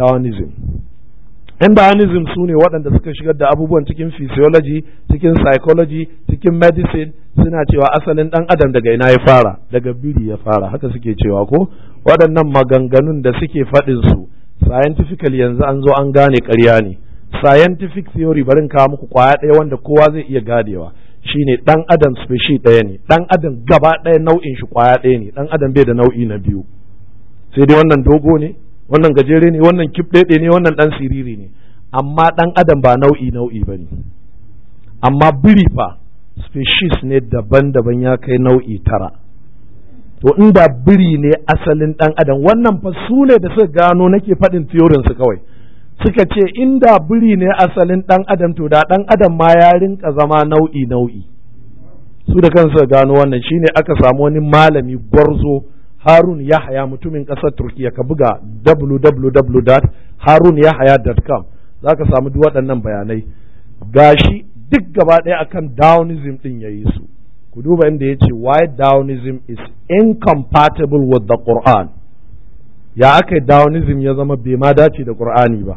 Endonism su ne waɗanda suka shigar da abubuwan cikin physiology, cikin psychology, cikin medicine suna cewa asalin ɗan adam daga ina ya fara, daga biri ya fara, haka suke cewa ko waɗannan maganganun da suke faɗin su scientifically yanzu an zo an gane ƙarya ne. Scientific theory barin kawo muku kwaya ɗaya wanda kowa zai iya gadewa shine ɗan adam speci ɗaya ne, ɗan adam gaba ɗaya nau'in shi kwaya ɗaya ne, ɗan adam bai da nau'i na biyu. Sai dai wannan dogo ne, wannan gajere ne wannan ɗaiɗe ne wannan ɗan siriri ne amma ɗan adam ba nau'i nau'i ba ne amma biri fa species ne daban-daban ya kai nau'i tara to inda biri ne asalin ɗan adam wannan fa su ne da suka gano nake faɗin theorin su kawai suka ce in da biri ne asalin ɗan adam to da ɗan adam ma ya rinka zama nau'i nau'i su da kansu gano wannan shine aka samu wani malami gwarzo harun yahaya mutumin ƙasar turkiya ka buga www.harunyahaya.com za ka samu duk waɗannan bayanai gashi duk gaba ɗaya akan downism ɗin ya yi su ku duba inda ya ce why downism is incompatible with the Quran ya aka yi downism ya zama bai ma dace da Qur'ani ba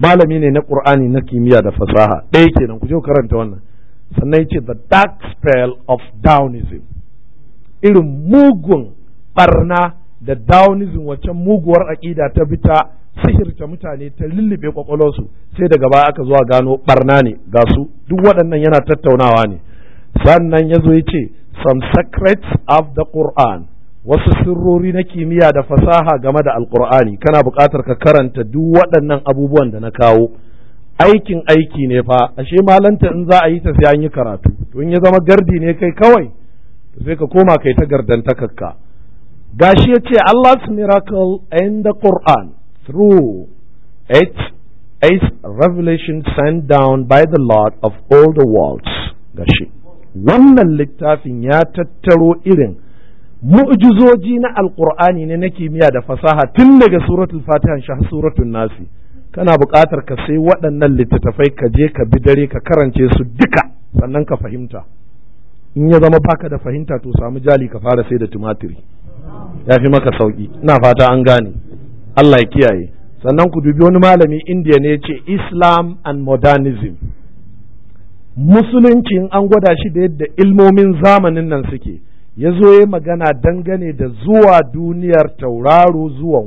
malami ne na Qur'ani na kimiyya da fasaha ɗaya kenan ku je karanta wannan sannan ya ce the dark spell of downism irin mugun barna da dawunism waccan muguwar aƙida ta bi ta sihirta mutane ta lullube kwakwalwarsu sai daga baya aka zuwa gano barna ne ga su duk waɗannan yana tattaunawa ne sannan ya zo ya ce some secrets of the Quran wasu sirrori na kimiyya da fasaha game da alkur'ani kana buƙatar ka karanta duk waɗannan abubuwan da na kawo aikin aiki ne fa ashe malanta in za a yi ta sai an yi karatu to in ya zama gardi ne kai kawai sai ka koma kai ta gardantakarka gashi ya ce Allah's miracle in the Quran through its, its revelation sent down by the Lord of all the worlds gashi wannan littafin ya tattaro irin mu'jizoji na alkur'ani ne na kimiyya da fasaha tun daga suratul fatiha shah suratul nasi kana buƙatar ka sai waɗannan littattafai ka je ka bi dare ka karance su duka sannan ka fahimta in ya zama baka da fahimta to samu jali ka fara sai da tumatiri ya fi maka sauki ina fata an gane Allah ya kiyaye sannan ku dubi wani malami indiya ne ya ce islam and modernism musulunci an gwada shi da yadda ilmomin zamanin nan suke ya zo ya magana dangane da zuwa duniyar tauraro zuwa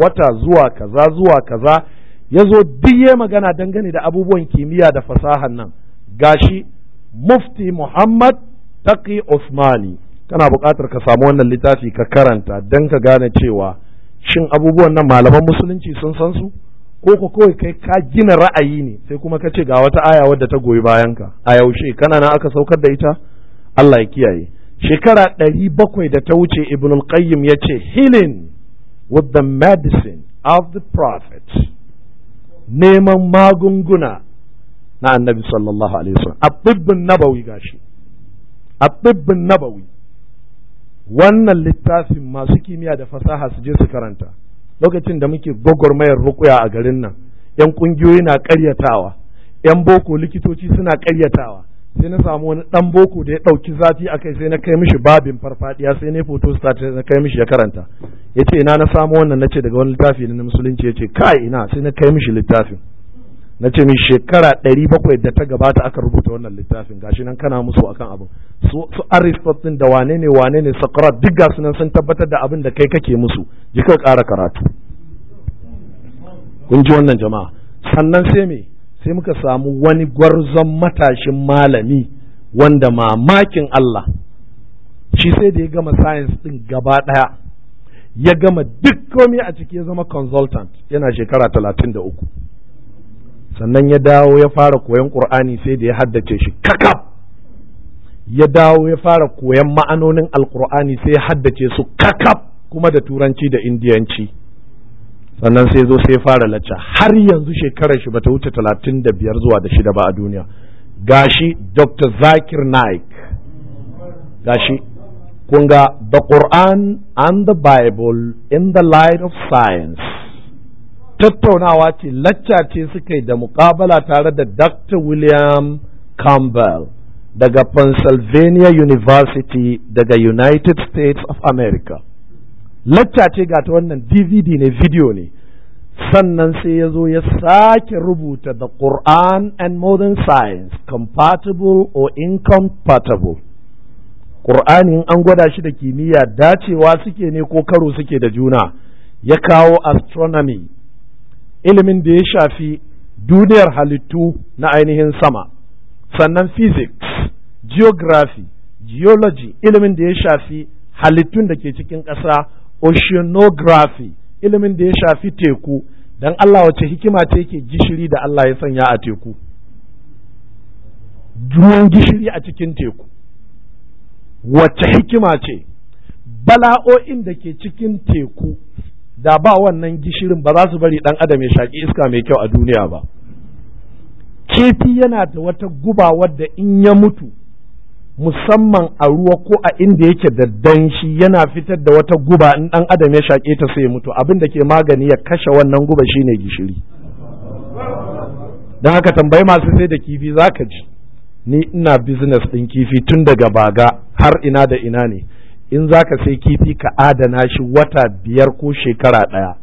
wata zuwa kaza zuwa kaza ya zo duk ya magana dangane da abubuwan kimiyya da fasahan nan gashi mufti muhammad taqi usmani kana buƙatar ka samu wannan littafi ka karanta don ka gane cewa shin abubuwan nan malaman musulunci sun san su ko ko kawai kai ka gina ra'ayi ne sai kuma ka ce ga wata aya wadda ta goyi bayan ka a yaushe kana nan aka saukar da ita Allah ya kiyaye shekara ɗari bakwai da ta wuce ibn al-qayyim ya ce healing with the medicine of the prophet neman magunguna na annabi sallallahu alaihi wasallam a nabawi gashi a nabawi wannan littafin masu kimiyya da fasaha su je su karanta lokacin da muke gwagwarmayar rukuya a garin nan yan kungiyoyi na karyatawa yan boko likitoci suna karyatawa sai na samu wani dan boko da ya dauki zafi a kai sai na kai mishi babin farfadiya sai na foto sai na kai mishi ya karanta yace ina na samu wannan nace daga wani littafi na musulunci yace kai ina sai na kai mishi littafin na ce min shekara ɗari bakwai da ta gabata aka rubuta wannan littafin gashi nan kana musu akan abin su aristotle da wane ne wane ne duk gasu nan sun tabbatar da abin da kai kake musu ji ka ƙara karatu kun ji wannan jama'a sannan sai me sai muka samu wani gwarzon matashin malami wanda mamakin Allah shi sai da ya gama science din gaba ɗaya ya gama duk komai a ciki ya zama consultant yana shekara talatin da uku sannan ya dawo ya fara koyon qur'ani sai da ya haddace shi kakaf ya dawo ya fara koyon ma'anonin alqur'ani sai ya haddace su kakaf kuma da turanci da indiyanci sannan sai zo sai fara lacca har yanzu shekarar shi bata wuce talatin da biyar zuwa da shida ba a duniya gashi dr zakir naik gashi kun ga the quran and the bible in the light of science tattaunawa ce lacca ce suka yi da muƙabala tare da Dr. William Campbell daga Pennsylvania University daga United States of America. Lacca ce ga ta wannan DVD ne video ne, sannan sai ya zo ya sake rubuta da Quran and Modern Science, Compatible or Incompatible. in an gwada shi da kimiyya dacewa suke ne ko karo suke da juna, ya kawo astronomy ilimin da ya shafi duniyar halittu na ainihin sama sannan physics geography geology ilimin da ya shafi halittun da ke cikin ƙasa oceanography ilimin da ya shafi teku don Allah wace hikima ta yake gishiri da Allah ya sanya a teku ruwan gishiri a cikin teku wace hikima ce bala'o'in da ke cikin teku da ba wannan gishirin ba za su bari ɗan adam ya shaƙi iska mai kyau a duniya ba Kefi yana da wata guba wadda in ya mutu musamman a ruwa ko a inda yake da danshi yana fitar da wata guba in ɗan adam ya shaƙe ta sai mutu abin da ke magani ya kashe wannan guba shine gishiri don haka tambayi masu sai da kifi za ka ji ni ina business ɗin kifi tun daga baga har ina da ina ne in za ka sai kifi ka adana shi wata biyar ko shekara ɗaya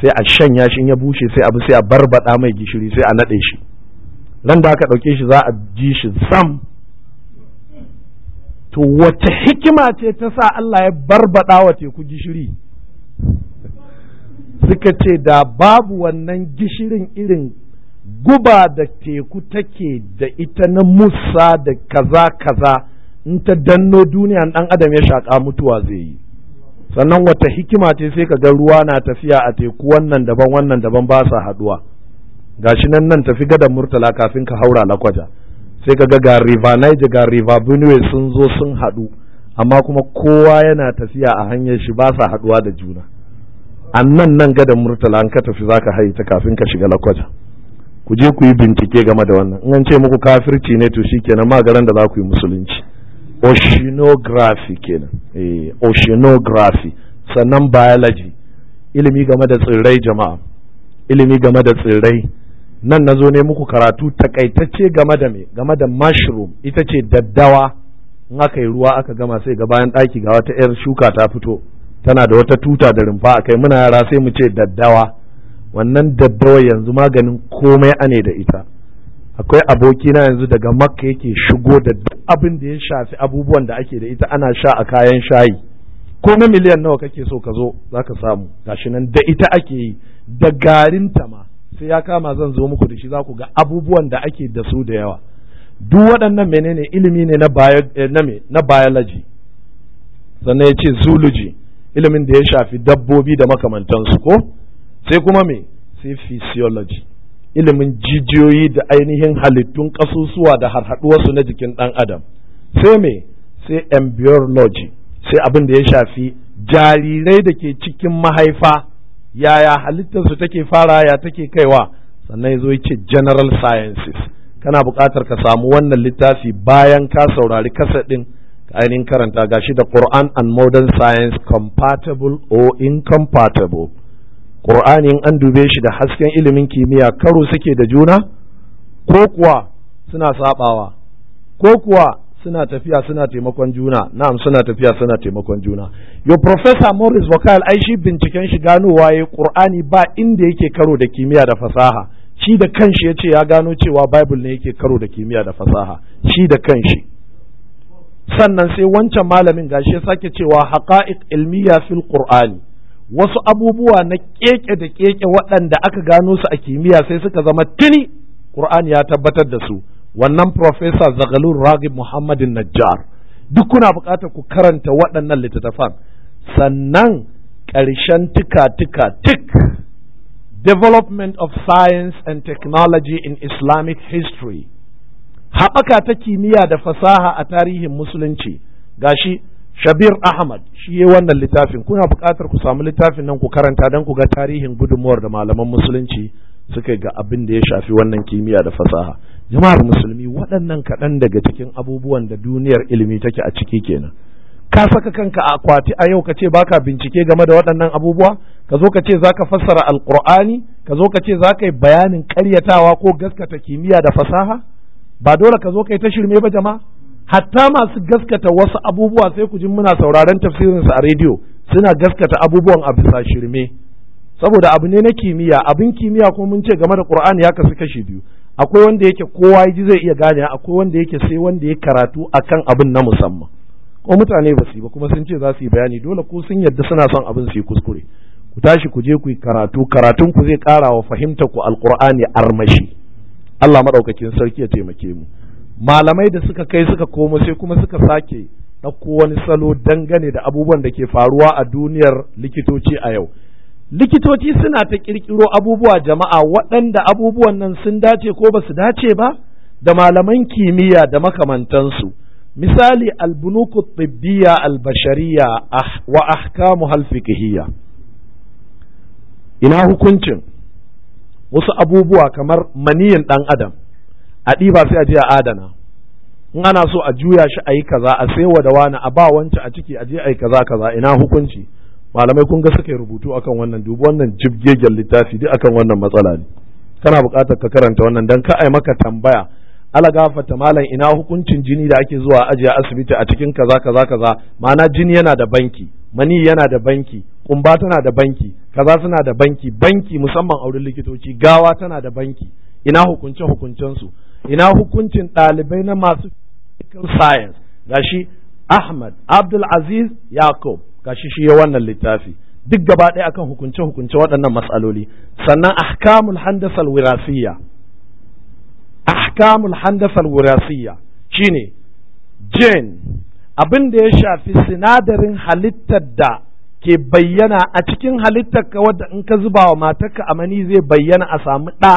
sai a shanya shi ya bushe sai abu sai a barbaɗa mai gishiri sai a naɗe shi ran da aka ɗauke shi za a ji shi sam to wata hikima ce ta sa Allah ya barbaɗa wa teku gishiri suka ce da babu wannan gishirin irin guba da teku take da ita na musa da kaza kaza in ta danno duniyan ɗan adam ya shaƙa mutuwa zai yi sannan wata hikima ce sai ka ga ruwa na tafiya a teku wannan daban wannan daban ba sa haɗuwa gashi nan nan tafi gadan murtala kafin ka haura lakwaja sai ka ga ga river niger ga river benue sun zo sun haɗu amma kuma kowa yana tafiya a hanyar shi ba sa haɗuwa da juna annan nan gadan murtala an ka tafi zaka haita kafin ka shiga lakwaja ku je ku yi bincike game da wannan in an ce muku kafirci ne to shikenan magaran da za ku yi musulunci oceanography kenan eh oceanography sannan biology ilimi game da tsirrai jama'a ilimi game da tsirrai nan nazo ne muku karatu takaitacce game da me game da mushroom ita ce daddawa in aka yi ruwa aka gama sai ga bayan ɗaki ga wata 'yar shuka ta fito tana da wata tuta da rumfa a kai muna yara sai mu ce daddawa wannan daddawa yanzu maganin komai ane da ita akwai abokina yanzu daga makka yake shigo da duk abin da ya shafi abubuwan da ake da ita ana sha a kayan shayi ko na miliyan nawa kake so ka zo za ka samu gashi nan da ita ake yi da garin ma sai ya kama zan zo muku da shi za ku ga abubuwan da ake da su da yawa duk waɗannan menene ilimi ne na eh, na biology sannan ya ce zoology ilimin da ya shafi dabbobi da makamantansu ko sai kuma me sai physiology ilimin jijiyoyi da ainihin halittun ƙasusuwa da harhaɗuwarsu na jikin ɗan adam sai me sai embryology sai abin da ya shafi jarirai da ke cikin mahaifa yaya halittarsu take fara ya take kaiwa sannan ya zo ya ce general sciences kana buƙatar ka samu wannan littafi bayan ka saurari kasa ɗin ainihin karanta gashi da Quran and modern science compatible or incompatible ƙur'ani in an dube shi da hasken ilimin kimiyya karo suke da juna ko kuwa suna sabawa ko kuwa suna tafiya suna taimakon juna na'am suna tafiya suna taimakon juna yo professor Morris Wakal ai shi binciken shi ganowa yayi Qur'ani ba inda yake karo da kimiyya da fasaha shi da kanshi ya ce ya gano cewa Bible ne yake karo da kimiyya da fasaha shi da kanshi sannan sai wancan malamin gashi ya sake cewa haqa'iq ilmiya fil Qur'ani wasu abubuwa na keke da keke waɗanda aka gano su a kimiyya sai suka zama tuni Qur'ani ya tabbatar da su wannan Professor Zagalur Ragib Muhammadin Najjar duk kuna buƙatar ku karanta waɗannan littattafan sannan ƙarshen tika tika tik development of science and technology in Islamic history haɓaka ta kimiyya da fasaha a tarihin musulunci gashi Shabir Ahmad shi ya wannan littafin kuna buƙatar ku samu littafin nan ku karanta don ku ga tarihin gudunmuwar da malaman musulunci suka ga abin da ya shafi wannan kimiyya da fasaha jama'ar musulmi waɗannan kaɗan daga cikin abubuwan da duniyar ilimi take a ciki kenan ka saka kanka a akwati a yau ka ce baka bincike game da waɗannan abubuwa ka zo ka ce za ka fassara alƙur'ani ka zo ka ce zaka yi bayanin ƙaryatawa ko gaskata kimiyya da fasaha ba dole ka zo ka yi ta shirme ba jama'a hatta masu gaskata wasu abubuwa sai ku ji muna sauraron tafsirinsu a rediyo suna gaskata abubuwan a bisa shirme saboda abu ne na kimiyya abin kimiyya kuma mun ce game da qur'ani ya kasu kashi biyu akwai wanda yake kowa ya ji zai iya gane akwai wanda yake sai wanda ya karatu akan abin na musamman ko mutane ba su ba kuma sun ce za su yi bayani dole ko sun yarda suna son abin su yi kuskure ku tashi ku je ku yi karatu karatun ku zai ƙara wa fahimta ku alqur'ani armashi Allah madaukakin sarki ya taimake mu malamai da suka kai suka komo sai kuma suka sake ɗauko wani salo dangane da abubuwan da ke faruwa a duniyar likitoci a yau likitoci suna ta ƙirƙiro abubuwa jama'a waɗanda abubuwan nan sun dace ko ba su dace ba da malaman kimiyya da makamantansu misali albunuku tibbiya albashariya ah, wa ahkamu halfikihiyya ina hukuncin wasu abubuwa kamar maniyin ɗan adam a ɗiba sai a je a adana in ana so a juya shi a yi kaza a saiwa da wani a ba wancan a ciki a je a yi kaza kaza ina hukunci malamai kun ga suka yi rubutu akan wannan dubu wannan jibgegen littafi duk akan wannan matsala ne kana buƙatar ka karanta wannan dan ka ai maka tambaya ala gafata malam ina hukuncin jini da ake zuwa ajiye asibiti a cikin kaza kaza kaza ma'ana jini yana da banki mani yana da banki kumba tana da banki kaza suna da banki banki musamman auren likitoci gawa tana da banki ina hukunce hukuncen su ina hukuncin ɗalibai na masu physical science gashi Ahmad Abdul Aziz Yakub gashi shi ya wannan littafi duk gaba ɗaya akan hukunce hukunce waɗannan matsaloli sannan ahkamul handasal wirasiyya ahkamul handasal wirasiyya shine jane abin da ya shafi sinadarin halittar da ke bayyana a cikin halittar ka wadda in ka zuba wa matarka amani zai bayyana a samu ɗa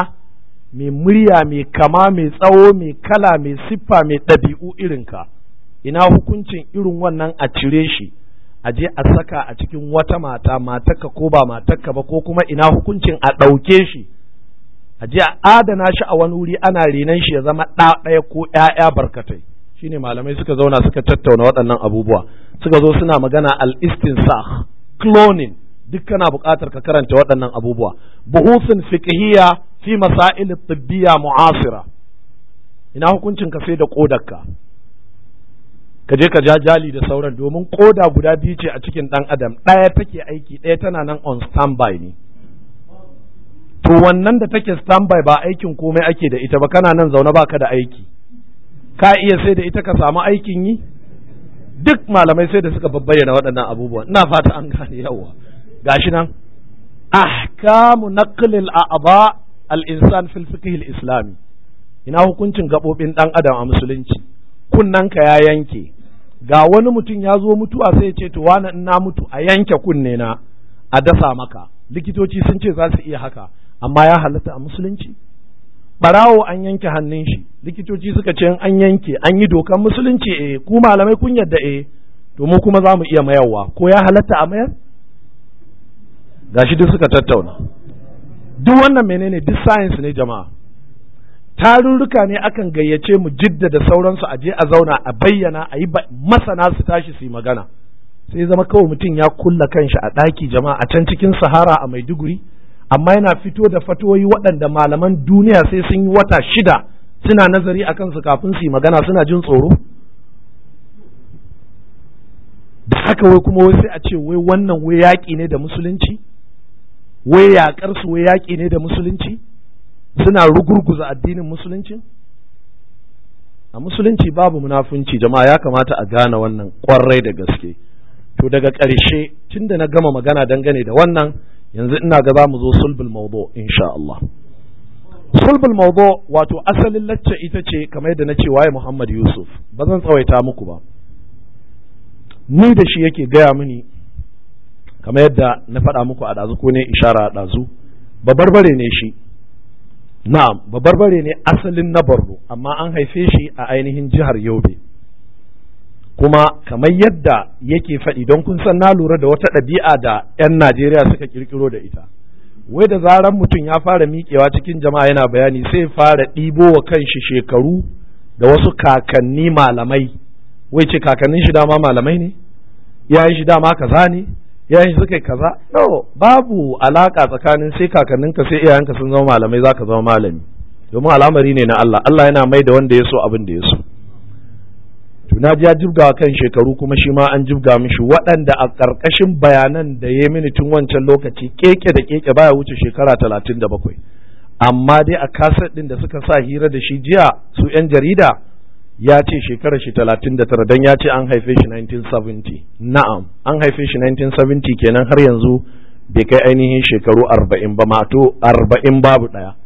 mai murya mai kama mai tsawo mai kala mai siffa mai ɗabi'u irinka ina hukuncin irin wannan a cire shi a je a saka a cikin wata mata matakka ko ba matakka ba ko kuma ina hukuncin a ɗauke shi a je a adana shi a wani wuri ana renan shi ya zama ɗa ɗaya ko ƴaƴa barkatai shine malamai suka zauna suka tattauna waɗannan abubuwa suka zo suna magana al-istinsakh cloning duk kana buƙatar ka karanta waɗannan abubuwa buhusun fiqhiyya fi masail tibbiya mu'asira ina hukuncin ka sai da kodarka ka je ka ja jali da sauran domin koda guda biyu ce a cikin ɗan adam ɗaya take aiki ɗaya tana nan on standby ne to wannan da take standby ba aikin komai ake da ita ba kana nan zaune baka da aiki ka iya sai da ita ka samu aikin yi duk malamai sai da suka bayyana waɗannan abubuwa ina fata an gane yawa gashi nan ahkamu naqlil a'dha al-insan fil fiqh al-islami ina hukuncin gabobin dan adam a musulunci Kunnan ka ya yanke ga wani mutum ya zo mutuwa sai ya ce to wani in na mutu a yanke kunne na a dasa maka likitoci sun ce za su iya haka amma ya halatta a musulunci barawo an yanke hannun shi likitoci suka ce an yanke an yi dokan musulunci eh ku malamai kun yadda eh to mu kuma za mu iya mayarwa ko ya halatta a mayar gashi duk suka tattauna duk wannan menene duk science ne jama'a tarurruka ne akan gayyace mu jidda da sauransu a je a zauna a bayyana a yi masana su tashi su yi magana sai zama kawai mutum ya kulla kanshi a ɗaki jama'a a can cikin sahara a maiduguri amma yana fito da fatoyi waɗanda malaman duniya sai sun yi wata shida suna nazari a kansu kafin su yi magana suna jin tsoro da haka wai kuma wai sai a ce wai wannan wai yaƙi ne da musulunci wai yaƙar su wai yaƙi ne da musulunci suna rugurguza addinin musulunci a musulunci babu munafunci jama'a ya kamata a gane wannan kwarai da gaske to daga ƙarshe tun da na gama magana dangane da wannan yanzu ina ga mu zo sulbul mawdu insha Allah sulbul mawdu wato asalin lacce ita ce kamar yadda na ce waye Muhammad Yusuf ba zan tsawaita muku ba ni da shi yake gaya mini kamar yadda na faɗa muku a ɗazu ko ne ishara a ɗazu babarbare ne shi na'am babarbare ne asalin na borno amma an haife shi a ainihin jihar yobe kuma kamar yadda yake faɗi don kun san na lura da wata ɗabi'a da 'yan najeriya suka ƙirƙiro da ita wai da zaran mutum ya fara miƙewa cikin jama'a yana bayani sai fara ɗibo wa kanshi shekaru da wasu kakanni malamai wai ce kakannin shi dama malamai ne iyayen shi dama kaza ne ya shi suka kaza no babu alaka tsakanin sai kakanninka sai iyayenka sun zama malamai zaka zama malami domin al'amari ne na Allah Allah yana mai da wanda ya so abin da ya so to na ji jibga kan shekaru kuma shi ma an jibga mishi waɗanda a ƙarƙashin bayanan da ya mini tun wancan lokaci keke da keke baya wuce shekara talatin da bakwai amma dai a kaset ɗin da suka sa hira da shi jiya su 'yan jarida ya ce shekarar shi 39 don ya ce an haife shi 1970 na'am an haife shi 1970 kenan har yanzu bai kai ainihin shekaru 40 ba mato 40 babu daya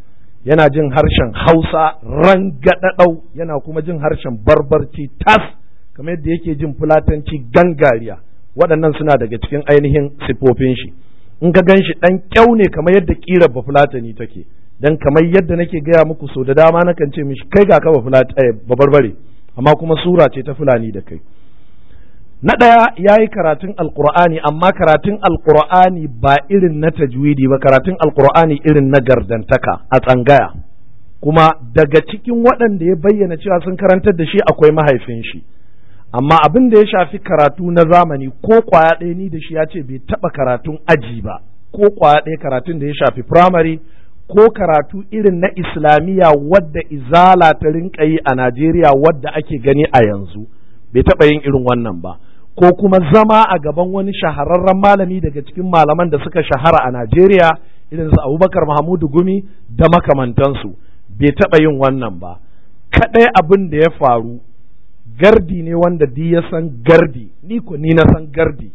yana jin harshen Hausa rangadadau yana kuma jin harshen barbarci tas kamar yadda yake jin fulatanci gangariya waɗannan suna daga cikin ainihin sifofin shi in ka gan shi ɗan kyau ne kamar yadda ƙirar bafulatani take dan kamar yadda nake gaya muku so da dama nakan ce mishi kai ga kaba fulani eh, babarbare amma kuma sura ce ta fulani da kai na ɗaya ya yi karatun alkur'ani amma karatun alkur'ani ba irin na tajwidi ba karatun alkur'ani irin na gardantaka a tsangaya kuma daga cikin waɗanda ya bayyana cewa sun karantar da shi akwai mahaifin shi amma abin da ya shafi karatu na zamani ko kwaya ɗaya ni da shi ya ce bai taɓa karatun aji ba ko kwaya ɗaya karatun da ya shafi firamare ko karatu irin na islamiyya wadda izala ta rinka yi a najeriya wadda ake gani a yanzu bai taɓa yin irin wannan ba ko kuma zama a gaban wani shahararren malami daga cikin malaman da suka shahara a najeriya irin su abubakar mahmudu gumi da makamantansu bai taɓa yin wannan ba kaɗai abin da ya faru gardi ne wanda di ya san gardi ni ko ni na san gardi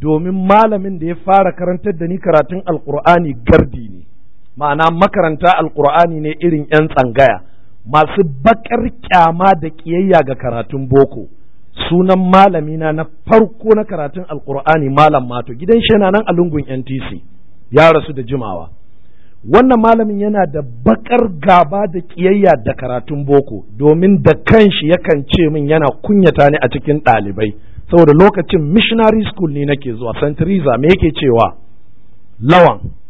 domin malamin da ya fara karantar da ni karatun alkur'ani gardi ne ma'ana makaranta alkur'ani ne irin 'yan tsangaya masu bakar kyama da ƙiyayya ga karatun boko sunan malamina na farko na karatun alkur'ani malam mato gidan shi yana nan a lungun ntc ya rasu da jimawa wannan malamin yana da bakar gaba da ƙiyayya da karatun boko domin da kanshi yakan ce min yana kunyata ne a cikin ɗalibai saboda lokacin missionary school ne nake zuwa saint teresa me yake cewa lawan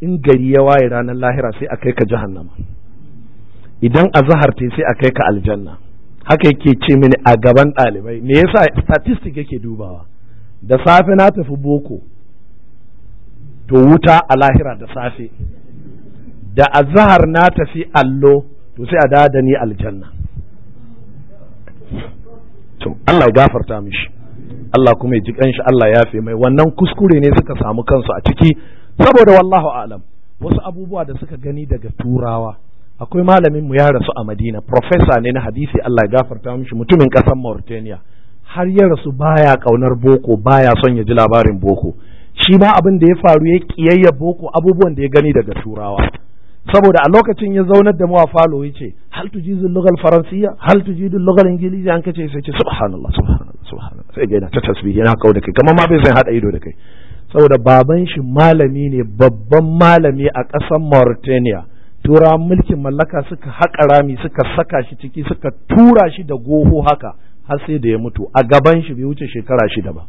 in gari ya waye ranar lahira sai a kai ka jahannama idan a zaharta sai a kai ka aljanna haka yake ce mini a gaban ɗalibai me yasa statistic yake dubawa da safe na tafi boko to wuta a lahira da safe da azahar na tafi allo to sai a dada ni aljanna to Allah ya gafarta mishi Allah kuma ya ji kanshi Allah ya fi mai wannan kuskure ne suka samu kansu a ciki saboda wallahu alam wasu abubuwa da suka gani daga turawa akwai malamin mu ya rasu a Madina profesa ne na hadisi Allah ya gafarta mishi mutumin kasar Mauritania har ya rasu baya kaunar boko baya son ya ji labarin boko shi ma abin da ya faru ya kiyayya boko abubuwan da ya gani daga turawa saboda a lokacin ya zaunar da muwa falo ya ce hal tu jizu lugal faransiya hal tu jizu lugal ingilizi an kace sai ce subhanallah subhanallah subhanallah sai ga yana ta yana kawo da kai kamar ma bai san hada ido da kai saboda baban shi malami ne babban malami a ƙasar Mauritania tura mulkin mallaka suka haƙa rami suka saka shi ciki suka tura shi da goho haka har sai da ya mutu a gaban shi bai wuce shekara shida ba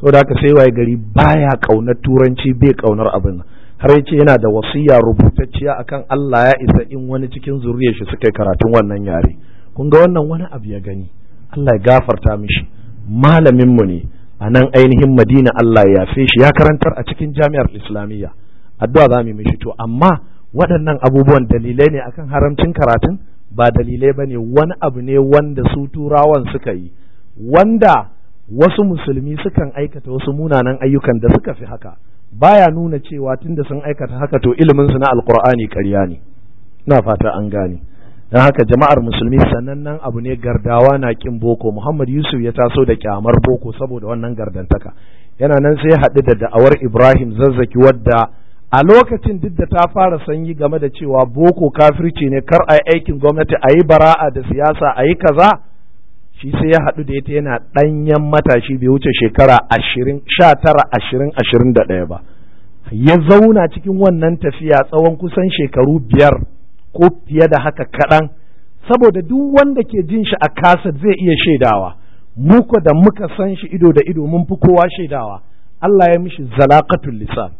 saboda haka sai waye gari baya ƙaunar turanci bai ƙaunar abin har yace yana da wasiya rubutacciya akan Allah ya isa in wani cikin zuriyar shi suka karatun wannan yare kun ga wannan wani abu ya gani Allah ya gafarta mishi malamin mu ne a nan ainihin madina Allah ya yafe shi ya karantar a cikin jami'ar islamiyya addu'a za mu mishi to amma waɗannan abubuwan dalilai ne akan haramcin karatun ba dalilai ba ne wani abu ne wanda su turawan suka yi wanda wasu musulmi sukan aikata wasu munanan ayyukan da suka fi haka baya nuna cewa tunda sun aikata haka to iliminsu na alkur'ani karya ne na fata an gane don haka jama'ar musulmi sannan abu ne gardawa na kin boko muhammad yusuf ya taso da kyamar boko saboda wannan gardantaka yana nan sai ya haɗu da da'awar ibrahim zazzaki wadda a lokacin duk da ta fara sanyi game da cewa boko kafirci ne kar a yi aikin gwamnati a yi bara'a da siyasa a yi kaza shi sai ya haɗu da ita yana ɗanyen matashi bai wuce shekara ashirin sha tara ashirin ashirin da ɗaya ba ya zauna cikin wannan tafiya tsawon kusan shekaru biyar ko fiye da haka kaɗan saboda duk wanda ke jin shi a kasa zai iya shaidawa muka da muka san shi ido da ido mun fi kowa shaidawa Allah ya mishi zalaqatul lisan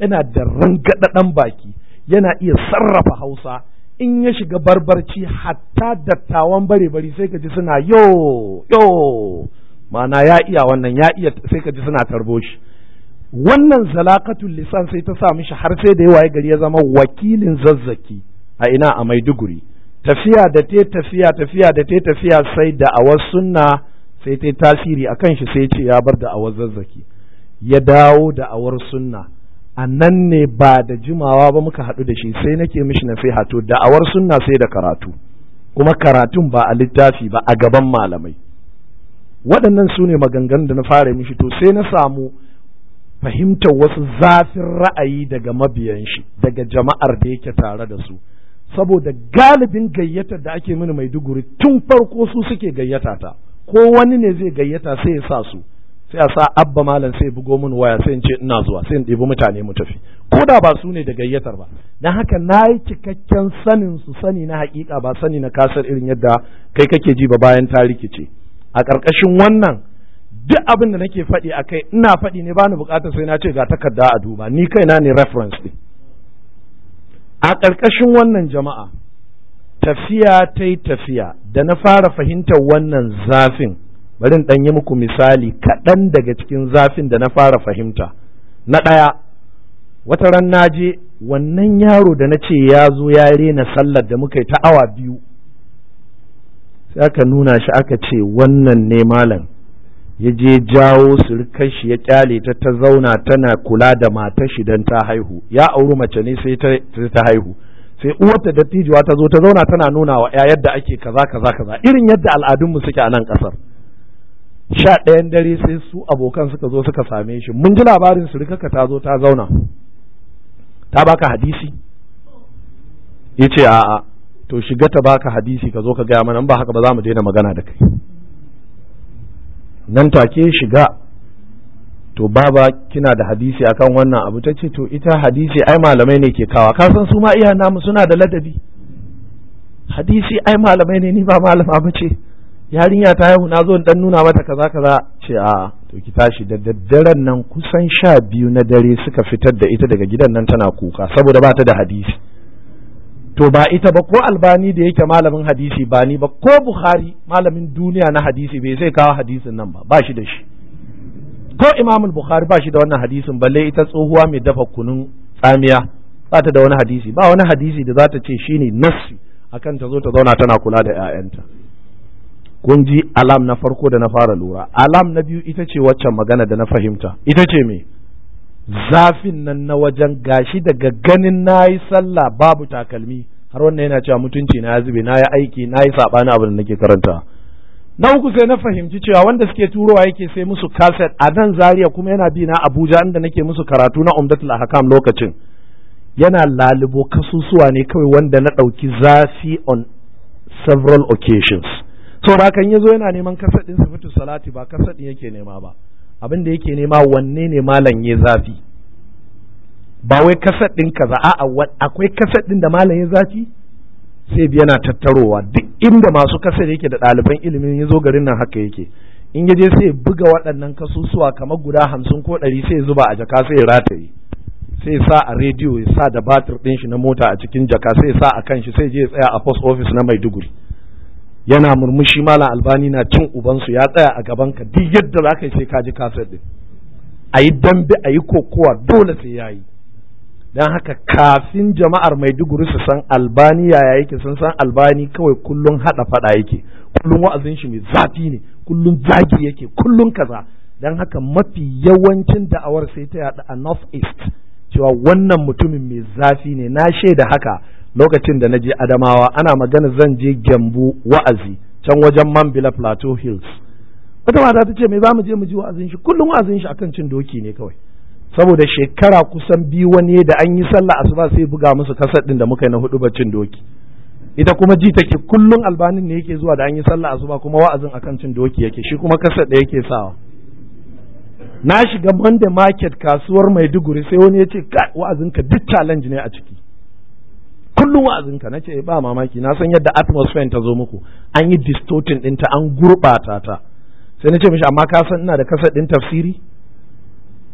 yana da rangadadan baki yana iya sarrafa Hausa in ya shiga barbarci hatta dattawan bare bari sai ka ji suna yo yo ma'ana ya iya wannan ya iya sai ka ji suna tarbo shi wannan zalaqatul lisan sai ta sa mishi har sai da yawa gari ya zama wakilin zazzaki a ina a maiduguri tafiya da te tafiya tafiya da te tafiya sai da awar sunna sai ta tasiri a kan shi sai ce ya bar da awar zazzaki ya dawo da awar sunna a nan ne ba da jimawa ba muka haɗu da shi sai nake mishi na sai hato. da awar sunna sai da karatu kuma karatun ba a littafi ba a gaban malamai waɗannan su ne maganganun da na fara mishi to sai na samu fahimtar wasu zafin ra'ayi daga mabiyan shi daga jama'ar da yake tare da su saboda galibin gayyatar da ake mini maiduguri tun farko su suke gayyata ta ko wani ne zai gayyata sai ya sa su sai a sa abba malam sai bugo min waya sai in ce ina zuwa sai in ɗibi mutane mu tafi ko da ba su ne da gayyatar ba na haka na yi cikakken sanin su sani na hakika ba sani na kasar irin yadda kai kake ji ba bayan ta rikice a ƙarƙashin wannan duk abin da nake faɗi a kai ina faɗi ne bani buƙatar sai na ce ga takarda a duba ni kaina ne reference ɗin a ƙarƙashin wannan jama'a tafiya ta yi tafiya da na fara fahimtar wannan zafin bari in ɗan yi muku misali kaɗan daga cikin zafin da na fara fahimta na ɗaya wata ran na je wannan yaro da na ce ya zo ya rena sallar da muka yi ta awa biyu sai aka nuna shi aka ce wannan ne malam ya je jawo surkar shi ya kyale ta ta zauna tana kula da matar shi dan ta haihu ya auri mace ne sai ta haihu sai uwarta tijuwa ta zo ta zauna tana nuna wa ya yadda ake kaza kaza kaza irin yadda al'adunmu suke a nan kasar sha ɗayan dare sai su abokan suka zo suka same shi mun ji labarin surkaka ta zo ta zauna ta baka hadisi ce a'a to shiga ta baka hadisi ka zo ka gaya mana ba haka ba za mu daina magana da kai nan take shiga to baba kina da hadisi akan wannan abu ta ce to ita hadisi ai malamai ne ke kawa ka san su ma iya namu suna da ladabi hadisi ai malamai ne ni ba malama ba ce yarinya ta haihu na zo dan nuna mata kaza kaza ce a to ki tashi da daddaren nan kusan sha biyu na dare suka fitar da ita daga gidan nan tana kuka saboda ba ta da hadisi to ba ita ba ko albani da yake malamin hadisi ba ni ba ko bukhari malamin duniya na hadisi bai zai kawo hadisin nan ba ba shi da shi ko imamul bukhari ba shi da wannan hadisin balle ita tsohuwa mai dafa kunun tsamiya ba ta da wani hadisi ba wani hadisi da za ta ce shine nassi akan ta zo ta zauna tana kula da 'ya'yanta kun ji alam na farko da na fara lura alam na biyu ita ce waccan magana da na fahimta ita ce me zafin nan na wajen gashi daga ganin na yi sallah babu takalmi har wannan yana cewa mutunci na ya zube na yi aiki na yi saɓani abin da nake karanta na uku sai na fahimci cewa wanda suke turowa yake sai musu kaset a nan zaria kuma yana bi na abuja inda nake musu karatu na umdatul ahkam lokacin yana lalubo kasusuwa ne kawai wanda na ɗauki zafi on several occasions saboda hakan yazo yana neman kasadin ɗin sifatu salati ba kasadin yake nema ba abin da yake nema wanne ne malam ya zafi ba wai kasad ɗin kaza a'a akwai kasar ɗin da malam ya zafi sai biya na tattarowa duk inda masu kasar yake da ɗaliban ilimin ya zo garin nan haka yake in ya je sai buga waɗannan kasusuwa kamar guda hamsin ko ɗari sai zuba a jaka sai rataye sai sa a rediyo ya sa da batir ɗin shi na mota a cikin jaka sai sa a kan shi sai je ya tsaya a post office na maiduguri yana murmushi malam albani na cin ubansu ya tsaya a gaban ka duk yadda za ka yi sai ka ji kasar din a yi dambe a yi kokowa dole sai ya yi don haka kafin jama'ar maiduguri su san albani yaya yake sun san albani kawai kullum haɗa faɗa yake kullum wa'azin shi mai zafi ne kullum zagi yake kullum kaza don haka mafi yawancin da'awar sai ta yaɗa a north east cewa wannan mutumin mai zafi ne na shaida haka lokacin da na je adamawa ana magana zan je gyambu wa'azi can wajen mambila plateau hills wata mata ta ce me za mu je mu ji wa'azin shi kullum wa'azin shi akan cin doki ne kawai saboda shekara kusan biyu wani da an yi sallah asuba sai buga musu kasar din da muka yi na hudu bacin doki ita kuma ji take kullum albanin ne yake zuwa da an yi sallah asuba kuma wa'azin akan cin doki yake shi kuma kasar da yake sawa na shiga monday market kasuwar maiduguri sai wani ya ce wa'azin ka duk challenge ne a ciki kullum wa'azinka na ce eh, ba mamaki na san yadda atmosphere ta zo muku an yi distorting ɗinta an gurɓata ta sai na ce mishi amma ka san ina da kasar ɗin tafsiri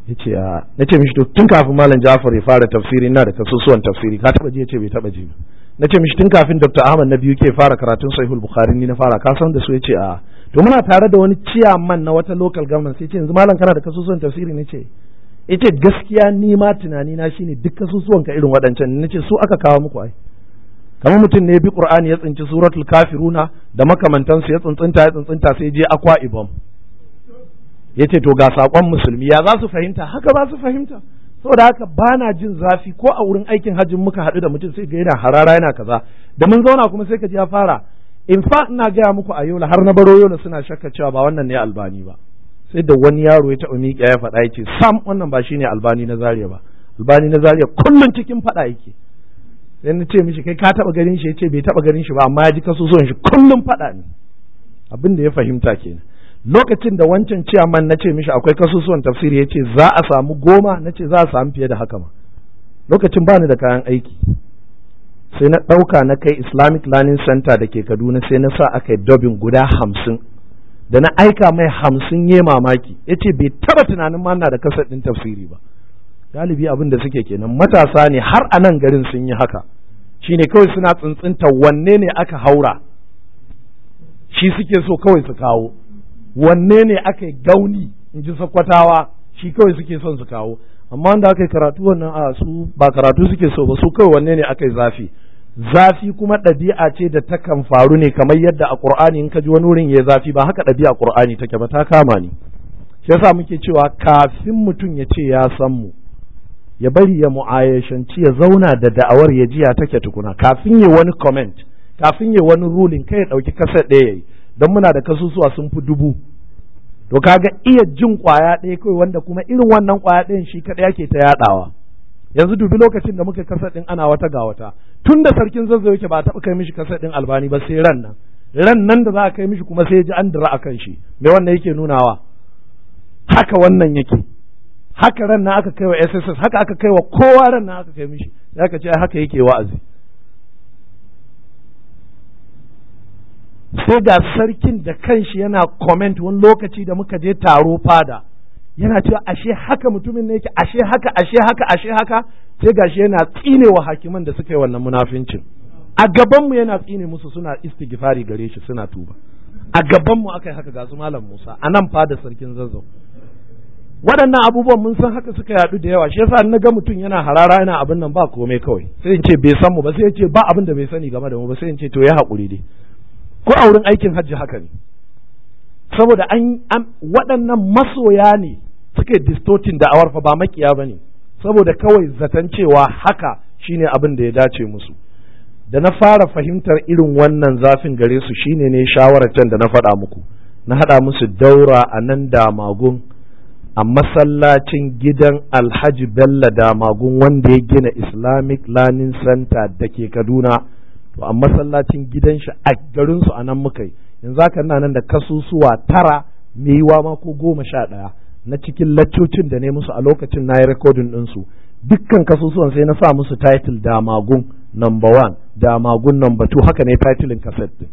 ya ce a ah. na ce mishi to tun kafin malam jafar ya fara tafsiri ina da kasusuwan tafsiri ka taɓa ji ya ce bai taɓa ji ba na ce mishi tun kafin dr ahmad na biyu ke fara karatun sahihul bukhari ni na fara ka san da su ya ce a ah. to muna tare da wani ciyaman na wata local government sai ce yanzu malam kana da kasusuwan tafsiri ne ce ita gaskiya ni ma tunani na shine duk kasusuwan ka irin waɗancan nace su aka kawo muku ai kamar mutum ne bi qur'ani ya tsinci suratul kafiruna da makamantansu ya tsuntsunta ya tsintsinta sai je akwa ibam yace to ga sakon musulmi ya za su fahimta haka ba su fahimta saboda haka ba na jin zafi ko a wurin aikin hajjin muka haɗu da mutum sai ga yana harara yana kaza da mun zauna kuma sai ka ji ya fara in fact ina gaya muku a yola har na baro yola suna shakka cewa ba wannan ne albani ba sai da wani yaro ya taɓa miƙa ya faɗa yake sam wannan ba shine albani na zariya ba albani na zariya kullum cikin faɗa yake sai na ce mishi kai ka taɓa ganin shi ya ce bai taɓa ganin shi ba amma ya ji son shi kullum faɗa ne abin da ya fahimta kenan lokacin da wancan ciyaman na ce mishi akwai kasusuwan tafsiri ya ce za a samu goma na ce za a samu fiye da haka ma lokacin ba ni da kayan aiki sai na ɗauka na kai islamic learning center da ke kaduna sai na sa aka yi dobin guda hamsin da na aika mai hamsin ya mamaki ya ce bai taba tunanin ma na da kasar ɗin tafsiri ba galibi abin da suke kenan matasa ne har a nan garin sun yi haka Shi ne kawai suna tsuntsunta wanne ne aka haura shi suke so kawai su kawo wanne ne aka yi gauni in ji sakwatawa shi kawai suke son su kawo amma wanda aka yi karatu wannan a su ba karatu suke so ba su kawai wanne ne aka yi zafi zafi kuma ɗabi'a ce da takan faru ne kamar yadda a ƙur'ani in ka ji wani wurin ya zafi ba haka ɗabi'a ƙur'ani take ba ta kama ni shi yasa muke cewa kafin mutum ya ce ya san mu ya bari ya mu'ayyashanci ya zauna da da'awar ya jiya ya take tukuna kafin ya wani comment kafin ya wani ruling kai ya ɗauki kasa ɗaya yayi don muna da kasusuwa sun fi dubu to kaga iya jin ƙwaya ɗaya kawai wanda kuma irin wannan ƙwaya ɗayan shi kaɗai ake ta yaɗawa yanzu dubi lokacin da muka kasa ɗin ana wata ga wata tun da sarkin zazzau yake ba taɓa kai mishi kasar ɗin albani ba sai ran nan ran nan da za a kai mishi kuma sai ya ji an dira a kan shi me wannan yake nunawa haka wannan yake haka ran nan aka kai wa SSS haka aka kai wa kowa ran nan aka kai mishi ya ka ce haka yake wa'azi sai ga sarkin da kanshi yana comment wani lokaci da muka je taro fada yana cewa ashe haka mutumin ne yake ashe haka ashe haka ashe haka sai gashi yana tsine wa hakiman da suka yi wannan munafincin a gabanmu yana tsine musu suna istighfari gare shi suna tuba a gabanmu aka yi haka ga su malam Musa a nan fa da sarkin zazzau waɗannan abubuwan mun san haka suka yaɗu da yawa shi yasa na ga mutum yana harara yana abin nan ba komai kawai sai in ce bai san mu ba sai ya ce ba abin da bai sani game da mu ba sai in ce to ya haƙuri dai ko a wurin aikin hajji haka ne saboda an waɗannan masoya ne suke yi distortin da awar fa ba makiya ba ne saboda kawai zaton cewa haka shine abin da ya dace musu da na fara fahimtar irin wannan zafin gare su shine ne shawarar can da na faɗa muku na haɗa musu daura a nan damagun a masallacin gidan alhaji bello damagun wanda ya gina islamic learning center da ke kaduna to a masallacin gidan shi a garinsu a nan muka yi yanzu haka nan da kasusuwa tara mai yiwa ma ko goma sha ɗaya na cikin laccocin da ne musu a lokacin na yi rikodin ɗinsu dukkan kasusuwan sai na sa musu title damagun number one damagun number two haka ne titlin kaset ɗin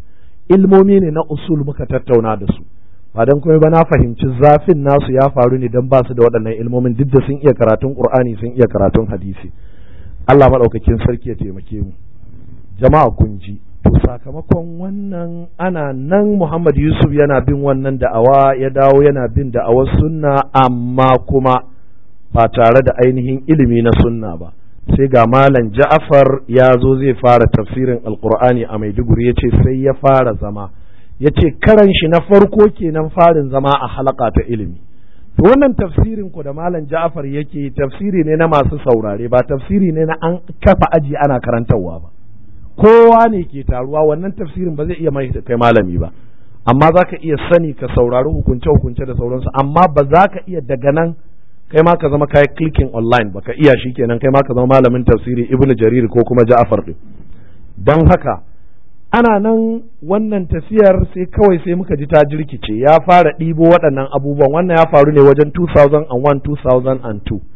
ilmomi ne na usul muka tattauna da su ba don kuma ba na fahimci zafin nasu ya faru ne don ba su da waɗannan ilmomin duk da sun iya karatun ƙur'ani sun iya karatun hadisi Allah maɗaukakin sarki ya taimake mu jama'a kun ji to sakamakon wannan ana nan Muhammad Yusuf yana bin wannan da'awa ya dawo yana bin da'awar sunna amma kuma ba tare da ainihin ilimi na sunna ba sai ga malam Ja'far ya zo zai fara tafsirin Alkur'ani a Maiduguri yace sai ya fara zama yace karan shi na farko kenan farin zama a halaka ta ilimi to wannan tafsirin ku da malam Ja'far yake tafsiri ne na masu saurare ba tafsiri ne na an kafa aji ana karantarwa ba kowa ne ke taruwa wannan tafsirin ba zai iya mai kai malami ba amma za ka iya sani ka saurari hukunce-hukunce da sauransu amma ba za ka iya daga nan kai ma ka zama kai clicking online ba ka iya shi kenan kai ma ka zama malamin tafsiri ibn jarir ko kuma jafar din don haka ana nan wannan tafiyar sai kawai sai muka ji ta jirkice ya fara ɗibo waɗannan abubuwan wannan ya faru ne wajen 2001 2002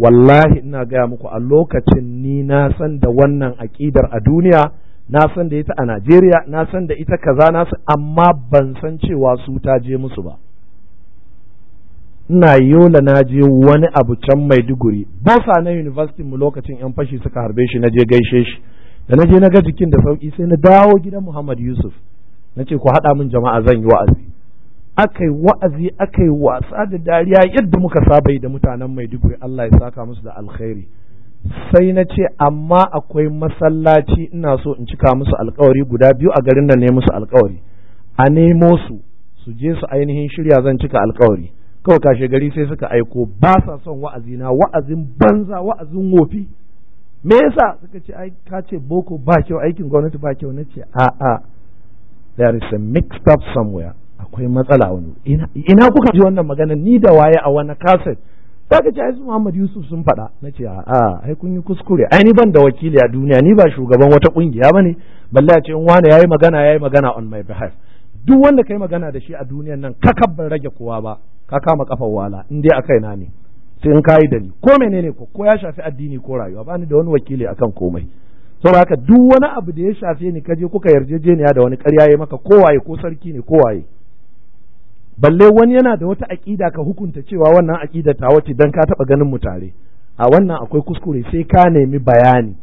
wallahi ina gaya muku a lokacin ni na san da wannan aƙidar a duniya na san da ita a Najeriya na san da ita kaza na san amma ban san cewa su ta je musu ba ina yola na je wani abu can Maiduguri basa na university mu lokacin yan fashi suka harbe shi na je gaishe shi da na je na ga jikin da sauki sai na dawo gidan Muhammad Yusuf na ce ku haɗa min jama'a zan yi wa'azi aka yi wa'azi aka yi wasa da dariya yadda muka sabai da mutanen mai maiduguri Allah ya saka musu da alkhairi sai na ce amma akwai masallaci ina so in cika musu alkawari guda biyu a garin da ne musu alkawari a nemo su su je su ainihin shirya zan cika alkawari kawai kashe gari sai suka aiko ba sa son wa'azi na wa'azin banza wa'azin wofi me yasa suka ce ai ka ce boko ba kyau aikin gwamnati ba kyau nace a a there is a mixed up somewhere akwai matsala wani ina kuka ji wannan magana ni da waye a wani kaset zaka ce ai Muhammad Yusuf sun faɗa na ce a ai kun yi kuskure ai ni ban da wakili a duniya ni ba shugaban wata kungiya ne. balle a ce in wani yayi magana yayi magana on my behalf duk wanda kai magana da shi a duniyan nan ka ban rage kowa ba ka kama kafar wala in dai akai na ne sai in kayi da ni ko menene ko ko ya shafi addini ko rayuwa ba ni da wani wakili akan komai saboda haka duk wani abu da ya shafe ni kaje kuka yarjejeniya da wani ƙarya ya maka kowaye ko sarki ne kowaye balle wani yana da wata aƙida ka hukunta cewa wannan aƙida ta wace dan ka taɓa ganin mu tare a wannan akwai kuskure sai ka nemi bayani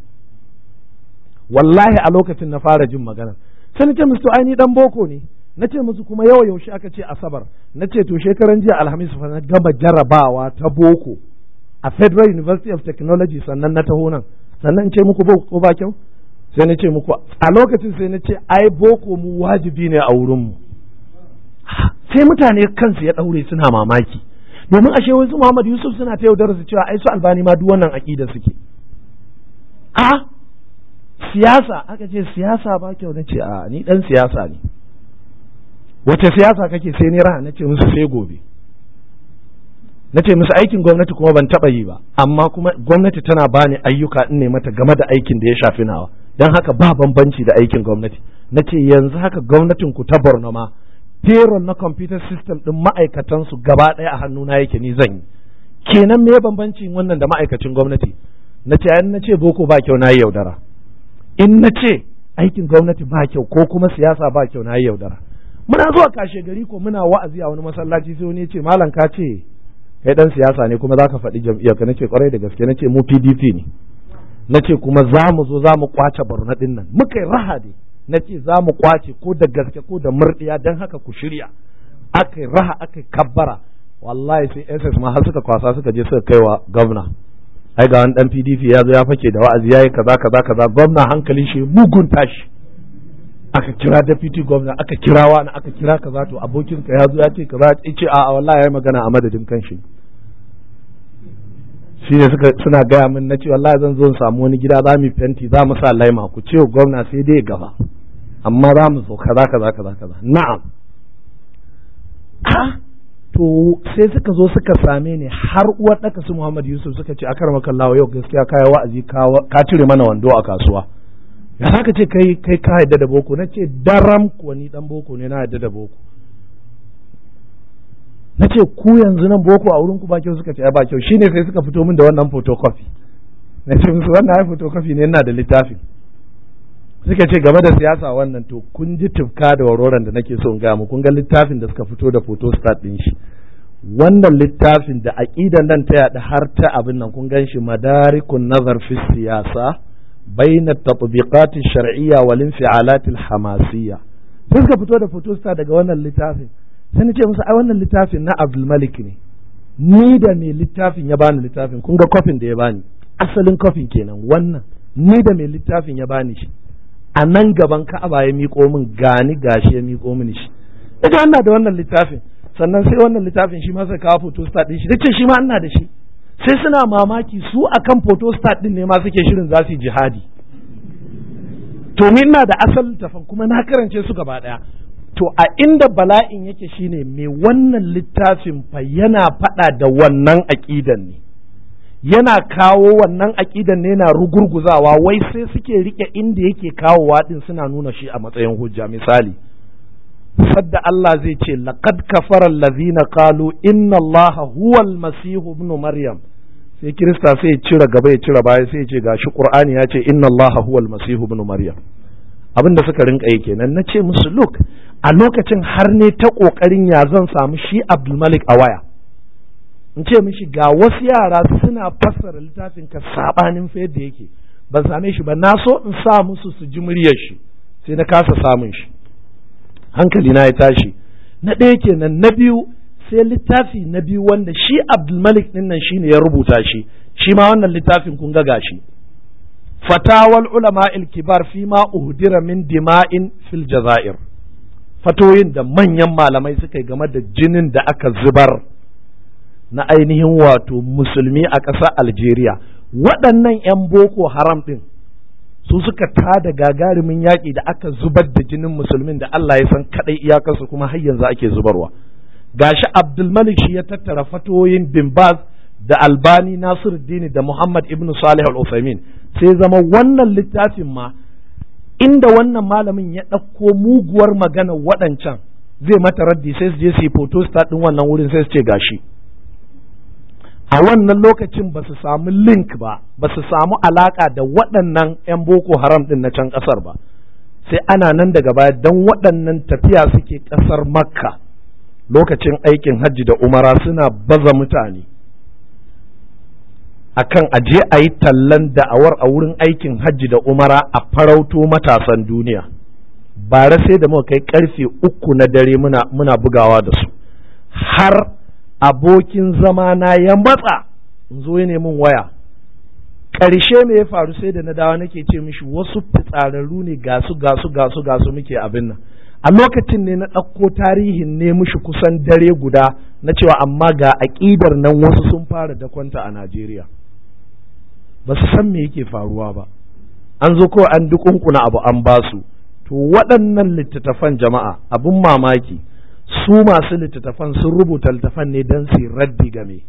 wallahi a lokacin na fara jin magana sai na ce musu to ai ni dan boko ne na ce musu kuma yau yaushe aka ce asabar na ce to shekaran jiya alhamis fa na gama jarabawa ta boko a federal university of technology sannan na taho nan sannan ce muku boko ko ba kyau sai na ce muku a lokacin sai na ce ai boko mu wajibi ne a wurinmu. sai mutane kansu ya ɗaure suna mamaki domin ashe wasu Muhammad Yusuf suna ta yaudar su cewa ai su albani ma duk wannan aƙida suke a siyasa aka ce siyasa ba kyau na ce a ni dan siyasa ne wace siyasa kake sai ni raha na ce musu sai gobe na ce musu aikin gwamnati kuma ban taɓa yi ba amma kuma gwamnati tana bani ayyuka in ne mata game da aikin da ya shafi nawa don haka ba bambanci da aikin gwamnati na ce yanzu haka gwamnatin ku ta borno ma jeron na computer system ɗin ma'aikatansu gaba ɗaya a hannuna yake ni zan yi kenan me bambancin wannan da ma'aikacin gwamnati na ce na ce boko ba kyau na yi yaudara in na ce aikin gwamnati ba kyau ko kuma siyasa ba kyau na yi yaudara muna zuwa kashe gari ko muna wa'azi a wani masallaci sai wani ya ce malam ka ce kai dan siyasa ne kuma zaka faɗi jam'iyyar ka nace kwarai da gaske nace mu PDP ne nace kuma za mu zo za mu kwace Borno ɗin nan muka yi rahadi na ce za mu kwace ko da gaske ko da murdiya don haka ku shirya aka raha aka kabbara wallahi sai ss ma har suka kwasa suka je suka kai wa gwamna ai ga wani dan pdp ya zo ya fake da wa'azi yayi kaza kaza kaza gwamna hankalin shi mugun tashi aka kira deputy gwamna aka kira wani aka kira kaza to abokin ka ya zo ya ce kaza ya ce a'a wallahi yayi magana a madadin kanshi shi ne suna gaya min na ce wallahi zan zo in samu wani gida za mu fenti za mu sa laima ku ce gwamna sai dai gaba amma za mu zo kaza kaza kaza kaza na'am a ah, to sai suka zo suka same ni har uwar daka su Muhammad Yusuf suka ce akar maka Allah yau gaskiya kai wa'azi ka cire mana wando a kasuwa ya saka ce kai kai ka yadda da boko na ce daram ku ni dan boko ne na yadda da boko na ce ku yanzu nan boko a wurin ku ba kyau suka ce ba kyau shine sai suka fito min da wannan photocopy na ce musu wannan ai photocopy ne ina da littafin suka ce game da siyasa wannan to kun ji tufka da waroran da nake so in ga mu kun ga littafin da suka fito da photo start din shi wannan littafin da aqidan nan ta yada har ta abin nan kun gan shi madarikun nazar fi siyasa baina tatbiqat shariyya wal infialat al-hamasiyya sai suka fito da photo start daga wannan littafin sai ni ce musu ai wannan littafin na Abdul Malik ne ni da mai littafin ya bani littafin kun ga kofin da ya bani asalin kofin kenan wannan ni da mai littafin ya bani shi a nan gaban ka'aba ya miƙo min gani gashi ya miƙo mini shi ita ana da wannan littafin sannan sai wannan littafin shi ma sai kawo star din shi dace shi ma ana da shi sai suna mamaki su akan star din ne ma suke shirin za su jihadi to ni ina da asal littafin kuma na karance su gaba daya to a inda bala'in yake shine mai wannan littafin fa yana faɗa da wannan aqidan ne yana kawo wannan aƙidan ne na rugurguzawa wai sai suke rike inda yake kawowa din suna nuna shi a matsayin hujja misali sadda Allah zai ce laqad kafara allazina qalu inna allaha huwal almasih ibn maryam sai kirista sai ya cire gaba ya cire baya sai ya ce gashi qur'ani ya ce inna allaha huwal almasih ibn maryam abinda suka rinka yi kenan na musu look a lokacin har ne ta kokarin ya zan samu shi abdulmalik a waya in ce mishi ga wasu yara suna fassara littafin ka sabanin fa yadda yake ban same shi ba na so in sa musu su ji muryar shi sai na kasa samun shi hankali na ya tashi na ɗaya kenan na biyu sai littafi na biyu wanda shi abdulmalik ɗin nan shi ne ya rubuta shi shi ma wannan littafin kun ga gashi fatawal ulama kibar fi ma uhdira min dima'in fil jazair fatoyin da manyan malamai suka yi game da jinin da aka zubar na ainihin wato musulmi a ƙasar Algeria waɗannan 'yan boko haram ɗin su suka tada gagarumin yaƙi da aka zubar da jinin musulmin da Allah ya san kaɗai iyakarsu kuma har yanzu ake zubarwa gashi Abdulmalik shi ya tattara fatoyin bin Baz da Albani Nasiruddin da Muhammad ibn Salih al-Uthaymin sai zama wannan littafin ma inda wannan malamin ya ɗauko muguwar magana waɗancan zai mata raddi sai su je su yi photostat ɗin wannan wurin sai su ce gashi a wannan lokacin ba su samu link ba ba su samu alaka da waɗannan 'yan boko haram ɗin na can ƙasar ba sai ana nan daga baya don waɗannan tafiya suke ƙasar makka lokacin aikin hajji da umara suna baza mutane akan aje a yi tallan da'awar a wurin aikin hajji da umara a farauto matasan duniya bara sai da muka kai karfe uku na dare muna bugawa da su har abokin zama na ya matsa in zo ya nemin waya ƙarshe me ya faru sai da na dawa nake ce mishi wasu fitsararru ne gasu gasu gasu gasu muke abin nan a lokacin ne na ɗauko tarihin ne mishi kusan dare guda na cewa amma ga aƙidar nan wasu sun fara kwanta a Najeriya ba su san me yake faruwa ba an zo kawai an dukunkuna abu an basu to waɗannan littattafan jama'a abin mamaki su masu littattafan sun rubuta littattafan ne don su raddi game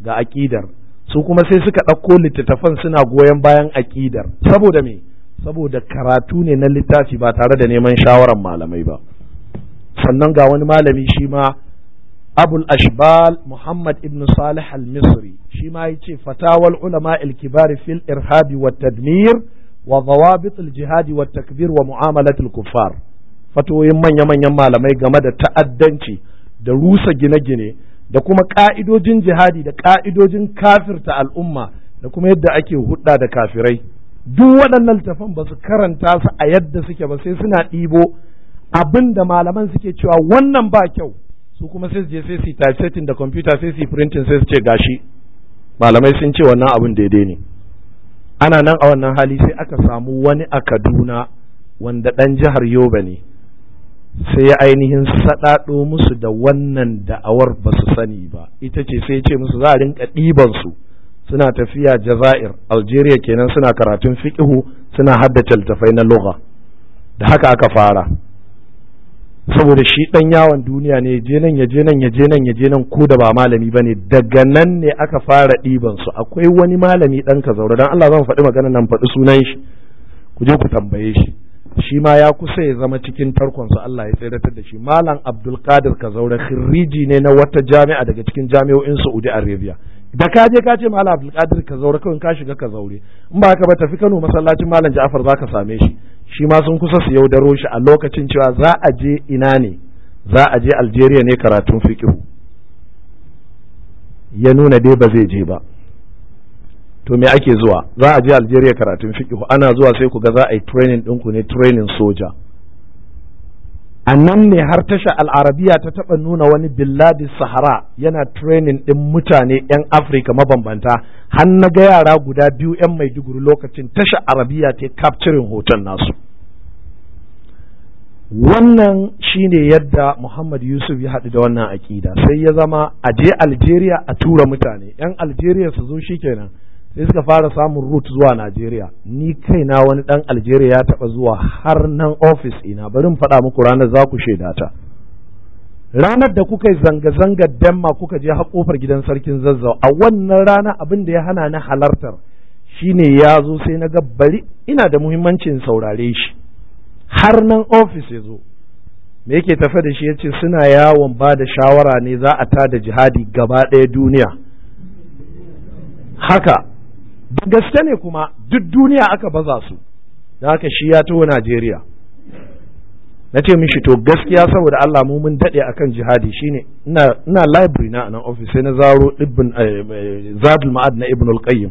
ga aƙidar su kuma sai suka ɗauko littattafan suna goyon bayan aƙidar saboda me saboda karatu ne na littafi ba tare da neman shawarar malamai ba sannan ga wani malami shi ma abul ashbal muhammad ibn salih al misri shi ma ya ce fatawal ulama al kibari fil irhabi wa tadmir wa dawabit al jihadi wa takbir wa mu'amalat al kuffar fatoyin manya-manyan malamai game da ta'addanci da rusa gine-gine da kuma ka'idojin jihadi da ka'idojin kafirta al'umma da kuma yadda ake hudda da kafirai duk waɗannan littafan ba su karanta su a yadda suke ba sai suna ɗibo abin da malaman suke cewa wannan ba kyau su kuma sai su je sai su yi da computer sai su yi printing sai su ce gashi malamai sun ce wannan abin daidai ne ana nan a wannan hali sai aka samu wani a kaduna wanda ɗan jihar yobe ne sai ya ainihin saɗaɗo musu da wannan da'awar ba su sani ba ita ce sai ce musu za a rinka ɗibansu suna tafiya jaza'ir algeria kenan suna karatun fiƙihu suna haddace littafai na lugha da haka aka fara saboda shi ɗan yawon duniya ne je nan ya je nan ya je nan ya je nan ko da ba malami ba ne daga nan ne aka fara ɗibansu akwai wani malami ɗan ka zaura don allah zan faɗi magana nan faɗi sunan shi ku je ku tambaye shi shi ma ya kusa ya zama cikin tarkonsu Allah ya tseratar da shi malam abdulkadir kazaure khiriji ne na wata jami'a daga cikin jami'o'in saudi arabia da ka je ka ce malam abdulkadir kazaure kawai ka shiga kazaure in ba ka ba tafi kano masallacin malam ja'far za ka same shi shi ma sun kusa su yaudaro shi a lokacin cewa za a je ina ne za a je algeria ne karatun fikiru ya nuna dai ba zai je ba to me ake zuwa za a je Algeria karatun fiqh ana zuwa sai ku ga za a yi training ku ne training soja a nan ne har tasha al'arabiya ta taɓa nuna wani billadi sahara yana training ɗin mutane 'yan afirka mabambanta har na ga yara guda biyu 'yan maiduguri lokacin tasha arabiya ta capturing hoton nasu wannan shine yadda muhammad yusuf ya haɗu da wannan aƙida sai ya zama a je algeria a tura mutane 'yan algeria su zo shikenan sai suka fara samun rut zuwa Najeriya ni kai na wani dan Algeria ya taba zuwa har nan office ina bari mu faɗa muku ranar za ku shaida ta ranar da kuka yi zanga-zangar damma kuka je har kofar gidan sarkin zazzau a wannan rana abin da ya hana ni halartar shine ya zo sai na ga bari ina da muhimmancin saurare shi har nan ofis ya zo me yake tafe da shi ya ce suna yawon ba da shawara ne za a tada jihadi gaba ɗaya duniya haka da gaske ne kuma duk duniya aka baza su da haka shi ya taho Najeriya na ce mishi to gaskiya saboda Allah mu mun daɗe akan jihadi shine ina ina library na nan office sai na zaro ibn eh, eh, zadul ma'ad na ibn al-qayyim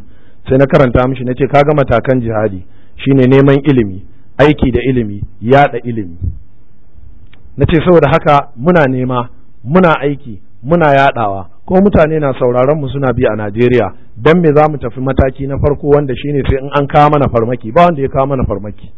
sai na karanta mishi nace kaga matakan jihadi shine neman ilimi aiki da ilimi yada ilimi nace saboda haka muna nema muna aiki muna yadawa ko mutane na sauraron mu suna bi a Najeriya dan me za mu tafi mataki na farko wanda shine sai in an kawo mana farmaki ba wanda ya kawo mana farmaki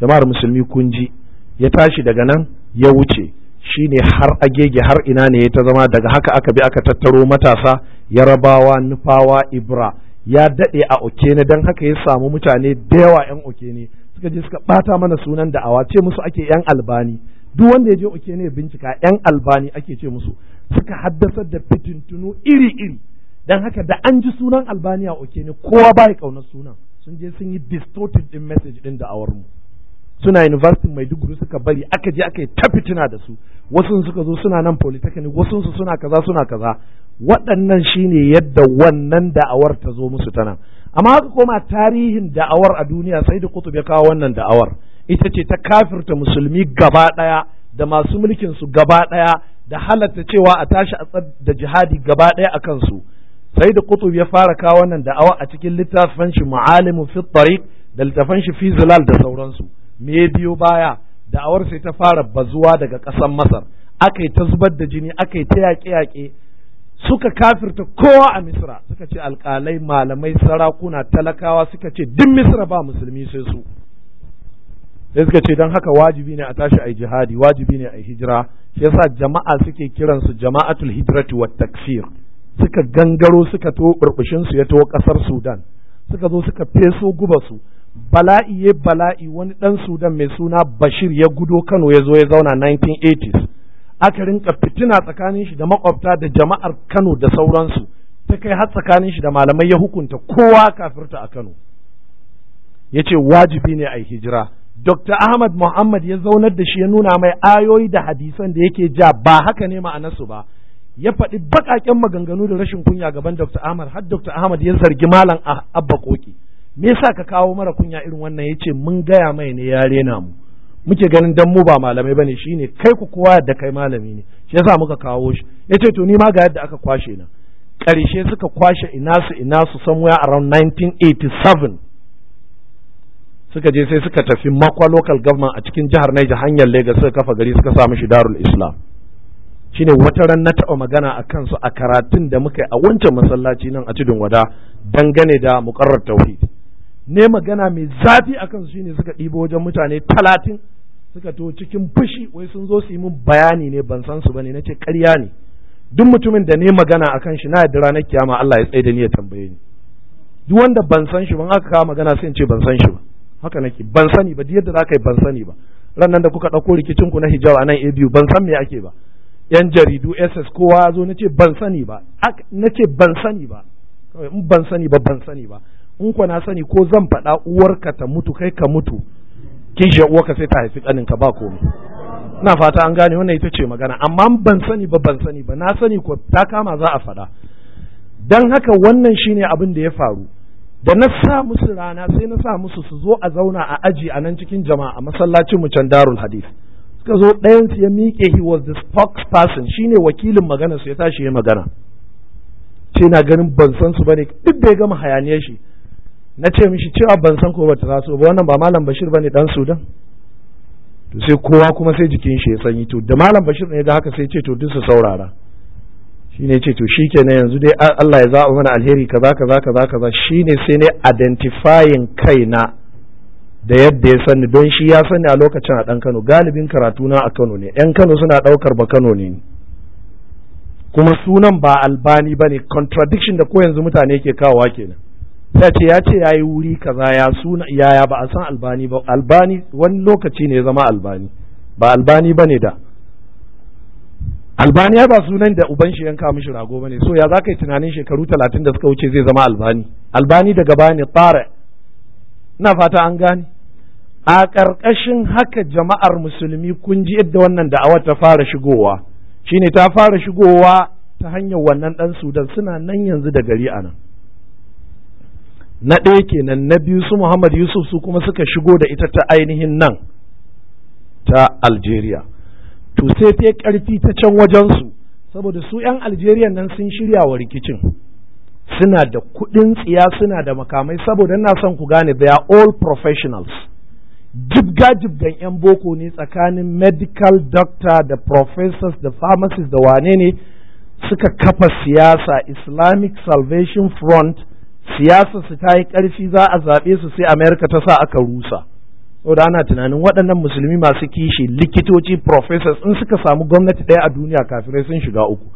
jama'ar musulmi kun ji ya tashi daga nan ya wuce shine har agege har ina ne ya ta zama daga haka aka bi aka tattaro matasa yarabawa nufawa ibra ya daɗe a okene don haka ya samu mutane da yawa 'yan okene suka je suka ɓata mana sunan da awa ce musu ake 'yan albani duk wanda ya je okene ya bincika 'yan albani ake ce musu suka haddasar da fitintunu iri-iri dan haka da an ji sunan Albaniya oke ne kowa ba ya kaunar sunan sun je sun yi distorted din message din da'awar mu suna university Maiduguri suka bari aka je aka yi ta fitina da su wasu suka zo suna nan polytechnic wasu su suna kaza suna kaza waɗannan shine yadda wannan da'awar ta zo musu tana amma haka koma tarihin da'awar a duniya sai da kutub ya kawo wannan da'awar ita ce ta kafirta musulmi gaba ɗaya da masu mulkin su gaba ɗaya da halatta cewa a tashi a da jihadi gaba ɗaya a kansu sai da kutub ya fara kawo wannan da'awa a cikin littafin shi mu'alimu fi tariq da littafin shi fi da sauransu me biyo baya da'awar sai ta fara bazuwa daga ƙasar masar aka ta zubar da jini aka ta yaƙe-yaƙe suka kafirta kowa a misra suka ce alƙalai malamai sarakuna talakawa suka ce duk misra ba musulmi sai su sai suka ce don haka wajibi ne a tashi a jihadi wajibi ne a hijira shi yasa jama'a suke kiransu jama'atul hijrati wa takfir suka gangaro suka to su ya to kasar sudan suka zo suka feso guba su bala'i ya bala'i wani dan sudan mai suna bashir ya gudo kano ya zo ya zauna 1980s aka rinka fitina tsakanin shi da makwabta da jama'ar kano da sauransu ta kai har tsakanin shi da malamai ya hukunta kowa kafirta a kano ya ce wajibi ne a hijira Dr. Ahmad Muhammad ya zaunar da shi ya nuna mai ayoyi da hadisan da yake ja ba haka ne ma'anarsu ba ya faɗi baƙaƙen maganganu da rashin kunya gaban Dr. Ahmad har Dr. Ahmad ya zargi malam Abba Koki me yasa ka kawo mara kunya irin wannan Ya ce mun gaya mai ne ya rena mu muke ganin dan mu ba malamai bane shine kai ku kowa da kai malami ne shi yasa muka kawo shi Ya ce to ni ma ga yadda aka kwashe na karshe suka kwashe ina su su san somewhere around 1987 suka je sai suka tafi makwa local government a cikin jihar Niger hanyar Lagos suka kafa gari suka samu shi Darul Islam shine wata ran na taɓa magana a kansu a karatun da muka yi a wancan masallaci nan a tudun wada dangane da muƙarrar tauhid ne magana mai zafi a kansu shine suka ɗibo wajen mutane talatin suka to cikin fushi wai sun zo su yi min bayani ne ban san su bane nace ƙarya ne duk mutumin da ne magana a kan shi na yadda ranar kiyama Allah ya tsaye da ni ya tambaye ni duk wanda ban san shi ban aka kawo magana sai in ce ban san shi ba haka nake ban sani ba duk yadda za ka yi ban sani ba ran nan da kuka ɗauko rikicin ku na hijab a nan a biyu ban san me ake ba yan jaridu ss kowa ya zo ce ban sani ba na ce ban sani ba in ban sani ba ban sani ba in kwa na sani ko zan faɗa uwarka ta mutu kai ka mutu uwar uwarka sai ta haifi ka ba komai na fata an gane wannan ita ce magana amma ban sani ba ban sani ba na sani ko ta kama za a faɗa dan haka wannan shine abin da ya faru da na sa musu rana sai na sa musu su zo a zauna a aji a nan cikin jama'a masallacin mu can darul hadith suka zo ɗayan su ya miƙe he was the spokesperson ne wakilin magana su ya tashi ya magana ce na ganin ban san su bane duk da ya gama hayaniyar shi na ce mishi cewa ban san ko bata taso ba wannan ba malam bashir bane dan sudan to sai kowa kuma sai jikin shi ya sanyi to da malam bashir ne da haka sai ce to duk su saurara shi ne ce to shi shikenan yanzu dai Allah ya zaɓa mana alheri kaza kaza kaza kaza ne sai ne identifying kaina da yadda ya sani don shi ya sani a lokacin a ɗan Kano galibin karatuna a Kano ne ‘yan Kano suna ɗaukar ba Kano ne kuma sunan ba albani ba ne contradiction da ko yanzu mutane ke kawowa kenan sai ce ya ce ya yi wuri kaza ya suna yaya ba a san albani ba albani wani lokaci ne zama albani ba albani ba ne da albani ya ba sunan da uban shi yanka mishi rago ba ne so ya za ka yi tunanin shekaru talatin da suka wuce zai zama albani albani daga bani tsara ina fata an gane a ƙarƙashin haka jama'ar musulmi kun ji yadda wannan da'awa ta fara shigowa shine ta fara shigowa ta hanyar wannan ɗan sudan suna nan yanzu da gari a nan na ɗaya kenan na biyu su Muhammad Yusuf su kuma suka shigo da ita ta ainihin nan ta Algeria to sai ta ƙarfi ta can wajensu saboda su 'yan Algeria nan sun shirya wa rikicin suna da kuɗin tsiya suna da makamai saboda ina son ku gane they are all professionals jibga jibgan 'yan boko ne tsakanin medical doctor da professors da pharmacists da wane ne suka kafa siyasa islamic salvation front siyasa su ta yi ƙarfi za a zaɓe su sai america ta sa aka rusa saboda ana tunanin waɗannan musulmi masu kishi likitoci professors in suka samu gwamnati ɗaya a duniya kafirai sun shiga uku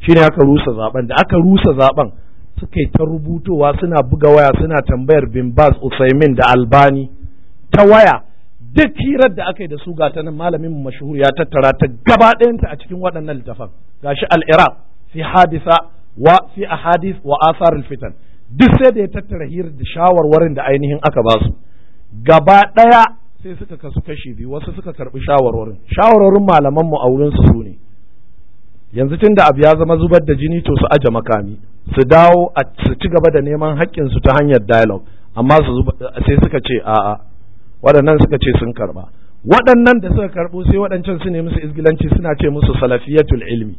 shine aka rusa zaben da aka rusa zaben suka yi ta rubutowa suna buga waya suna tambayar bin bas usaimin da albani ta waya duk hirar da aka yi da su ga ta nan malamin mashuhur ya tattara ta gaba ɗayanta a cikin waɗannan littafan ga shi iraq fi hadisa wa fi ahadith wa fitan duk sai da ya tattara hirar da shawarwarin da ainihin aka ba su gaba ɗaya sai suka kasu kashi biyu wasu suka karɓi shawarwarin shawarwarin malaman mu a wurin su ne yanzu tun da abu ya zama zubar da jini to su aje makami su dawo a su ci gaba da neman haƙƙin su ta hanyar dialogue amma su sai suka ce a'a waɗannan suka ce sun karɓa waɗannan da suka karɓo sai waɗancan su ne musu izgilanci suna ce musu salafiyatul ilmi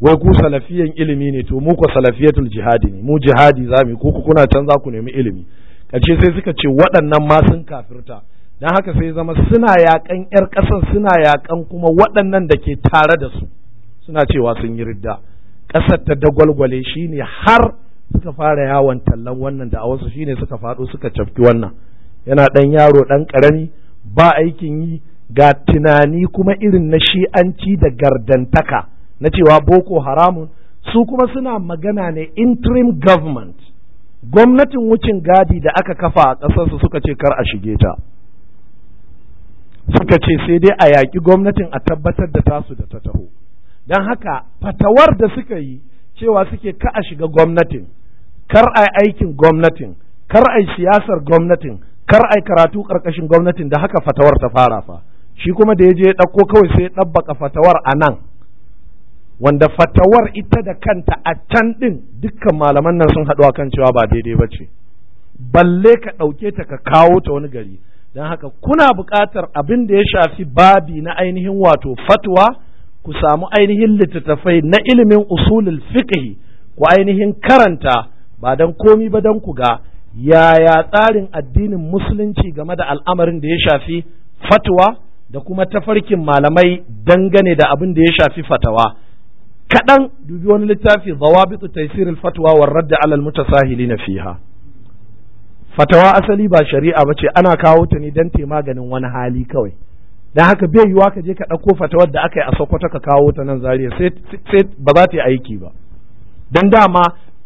wai ku salafiyan ilimi ne to mu ko salafiyatul jihadi ne mu jihadi za mu ku kuna can za ku nemi ilimi kace sai suka ce waɗannan ma sun kafirta dan haka sai zama suna yakan yar ƙasar suna yakan kuma waɗannan da ke tare da su suna cewa sun yi ridda ƙasar ta dagwalgwale ne har suka fara yawon tallan wannan da a wasu shi ne suka faɗo suka cafki wannan yana ɗan yaro ɗan ƙarami ba aikin yi ga tunani kuma irin na shi'anci da gardantaka na cewa boko haramun su kuma suna magana ne interim government gwamnatin wucin gadi da aka kafa a ƙasarsu suka ce kar a shige ta suka ce sai dai a yaƙi gwamnatin a tabbatar da tasu da ta taho don haka fatawar da suka yi cewa suke ka a shiga gwamnatin kar a aikin gwamnatin kar a siyasar gwamnatin kar a karatu karkashin gwamnatin da haka fatawar ta fara fa shi kuma da ya je ya ɗauko kawai sai ya ɗabbaka fatawar a nan wanda fatawar ita da kanta a can ɗin dukkan malaman nan sun haɗu a kan cewa ba daidai ba ce balle ka ɗauke ta ka kawo ta wani gari don haka kuna buƙatar abin da ya shafi babi na ainihin wato fatwa ku samu ainihin littattafai na ilimin usulul fiqh ku ainihin karanta ba dan komi ba dan ku ga yaya tsarin addinin musulunci game da al'amarin da ya shafi fatwa da kuma tafarkin malamai dangane da abin da ya shafi fatawa kaɗan dubi wani littafi zawabitu taisirin fatwa war radda alal mutasahili na fiha fatawa asali ba shari'a ba ce ana kawo ta ne don maganin wani hali kawai dan haka bai yiwuwa ka je ka ɗauko fatawar da aka yi a Sokoto ka kawo ta nan Zaria sai ba za ta yi aiki ba Don dama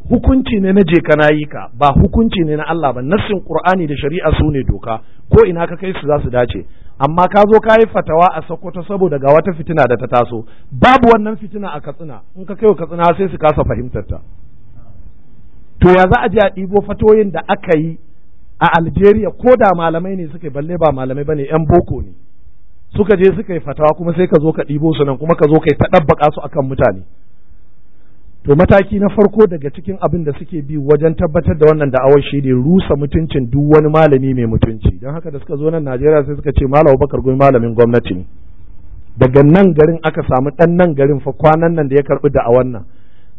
hukunci ne na je na yi ka ba hukunci ne na Allah ba nassin Qur'ani da shari'a su ne doka ko ina ka kai su za su dace amma ka zo ka yi fatawa a Sokoto saboda ga wata fitina da ta taso babu wannan fitina a Katsina in ka kai wa Katsina sai su kasa fahimtar ta to ya za a je a ɗibo fatoyin da aka yi a Algeria ko da malamai ne suke balle ba malamai ba ne yan boko ne suka je suka yi fatawa kuma sai ka zo ka ɗibo su nan kuma ka zo ka yi taɗabbaƙa su akan mutane to mataki na farko daga cikin abin da suke bi wajen tabbatar da wannan da'awar shi ne rusa mutuncin duk wani malami mai mutunci don haka da suka zo nan Najeriya sai suka ce Malam Bakar Gumi malamin gwamnati ne daga nan garin aka samu ɗan nan garin fa kwanan nan da ya karɓi da'awar nan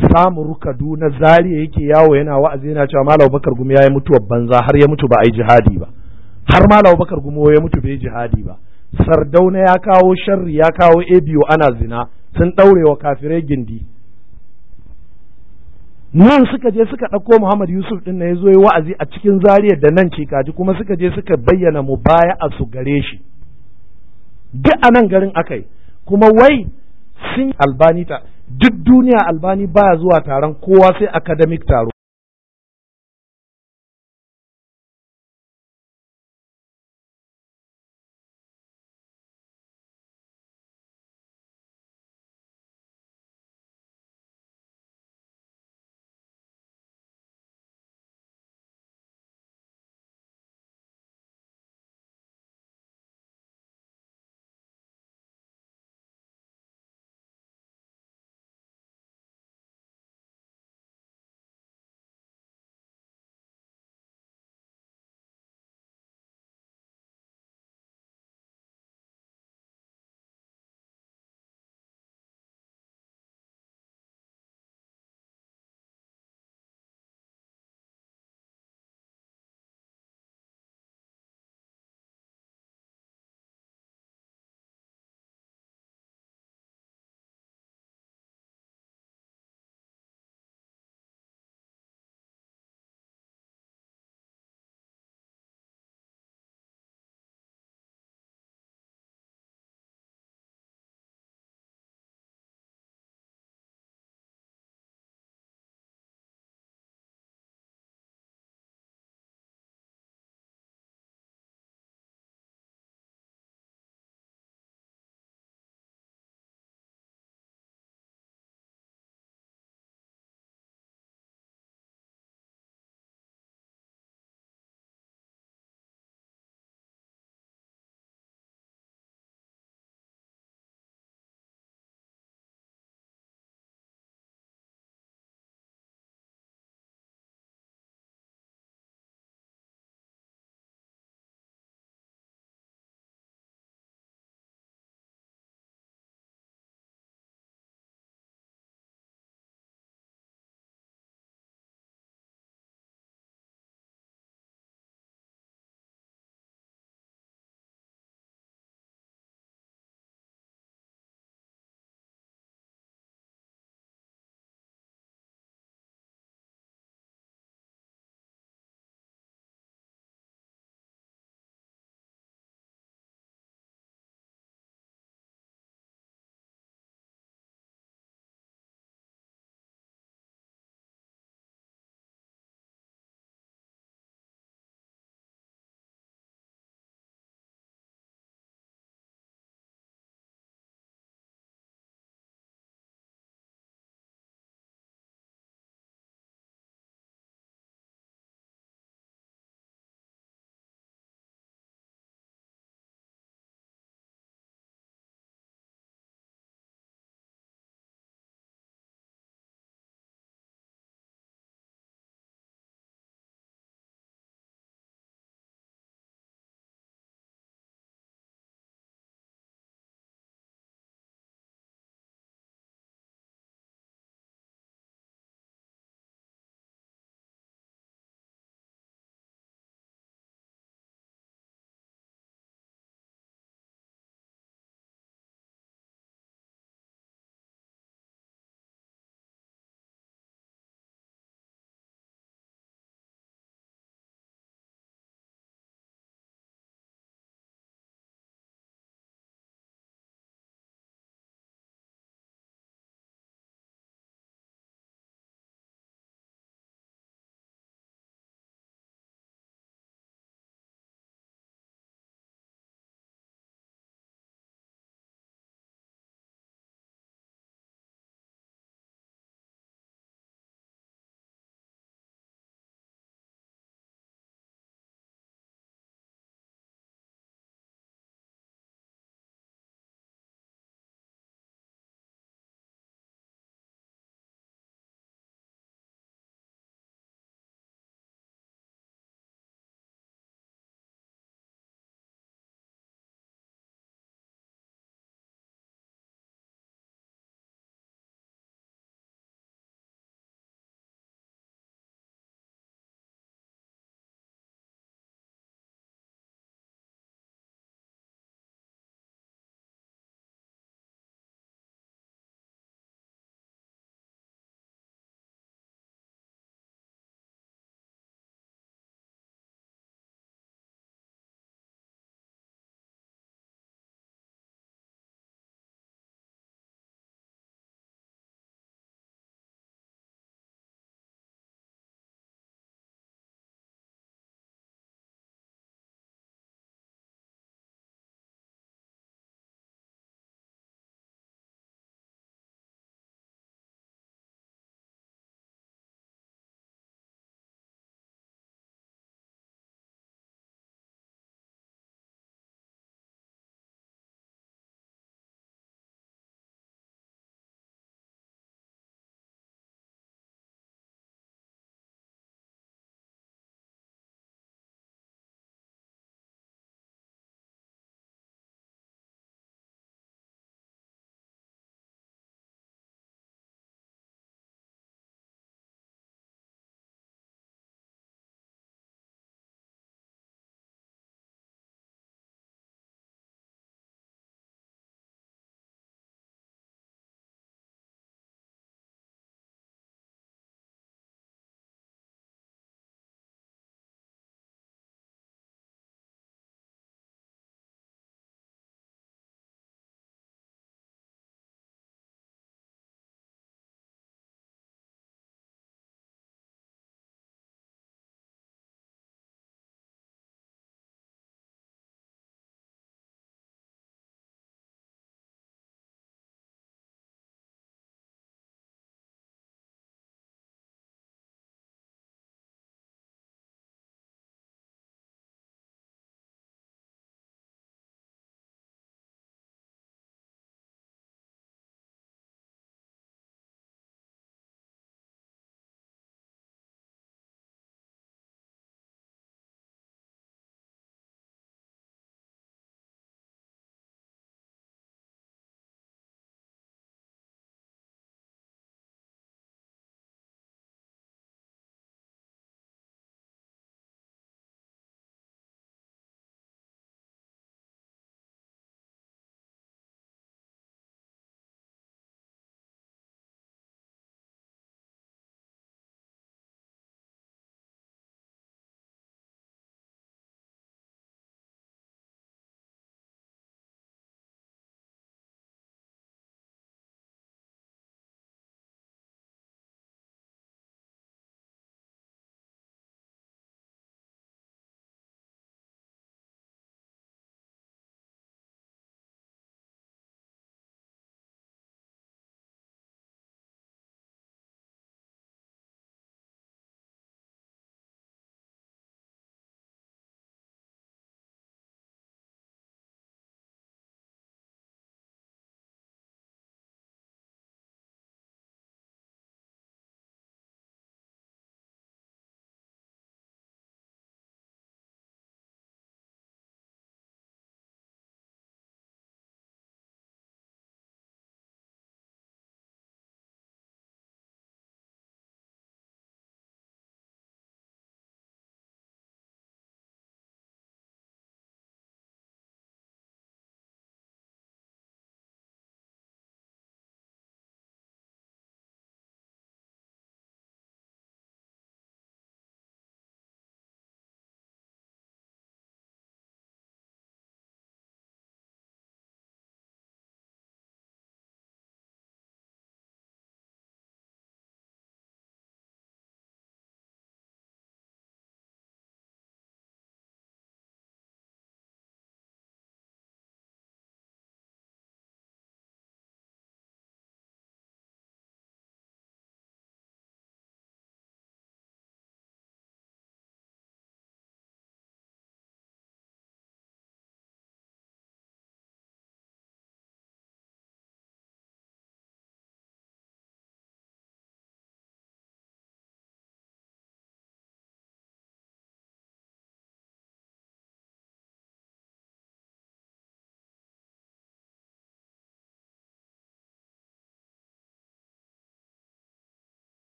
samu rukadu na zariya yake yawo yana wa'azi yana cewa Malam Bakar Gumi ya yi mutuwar banza har ya mutu ba a yi jihadi ba har Malam Bakar Gumi ya mutu bai jihadi ba sardauna ya kawo sharri ya kawo ebiyo ana zina sun ɗaure wa kafirai gindi nan suka je suka ɗauko Muhammad Yusuf ɗin na ya zo wa'azi a cikin Zariya da nan ce kaji kuma suka je suka bayyana mu baya a su gare shi duk a nan garin akai kuma wai sun albani ta duk duniya albani baya zuwa taron kowa sai academic taro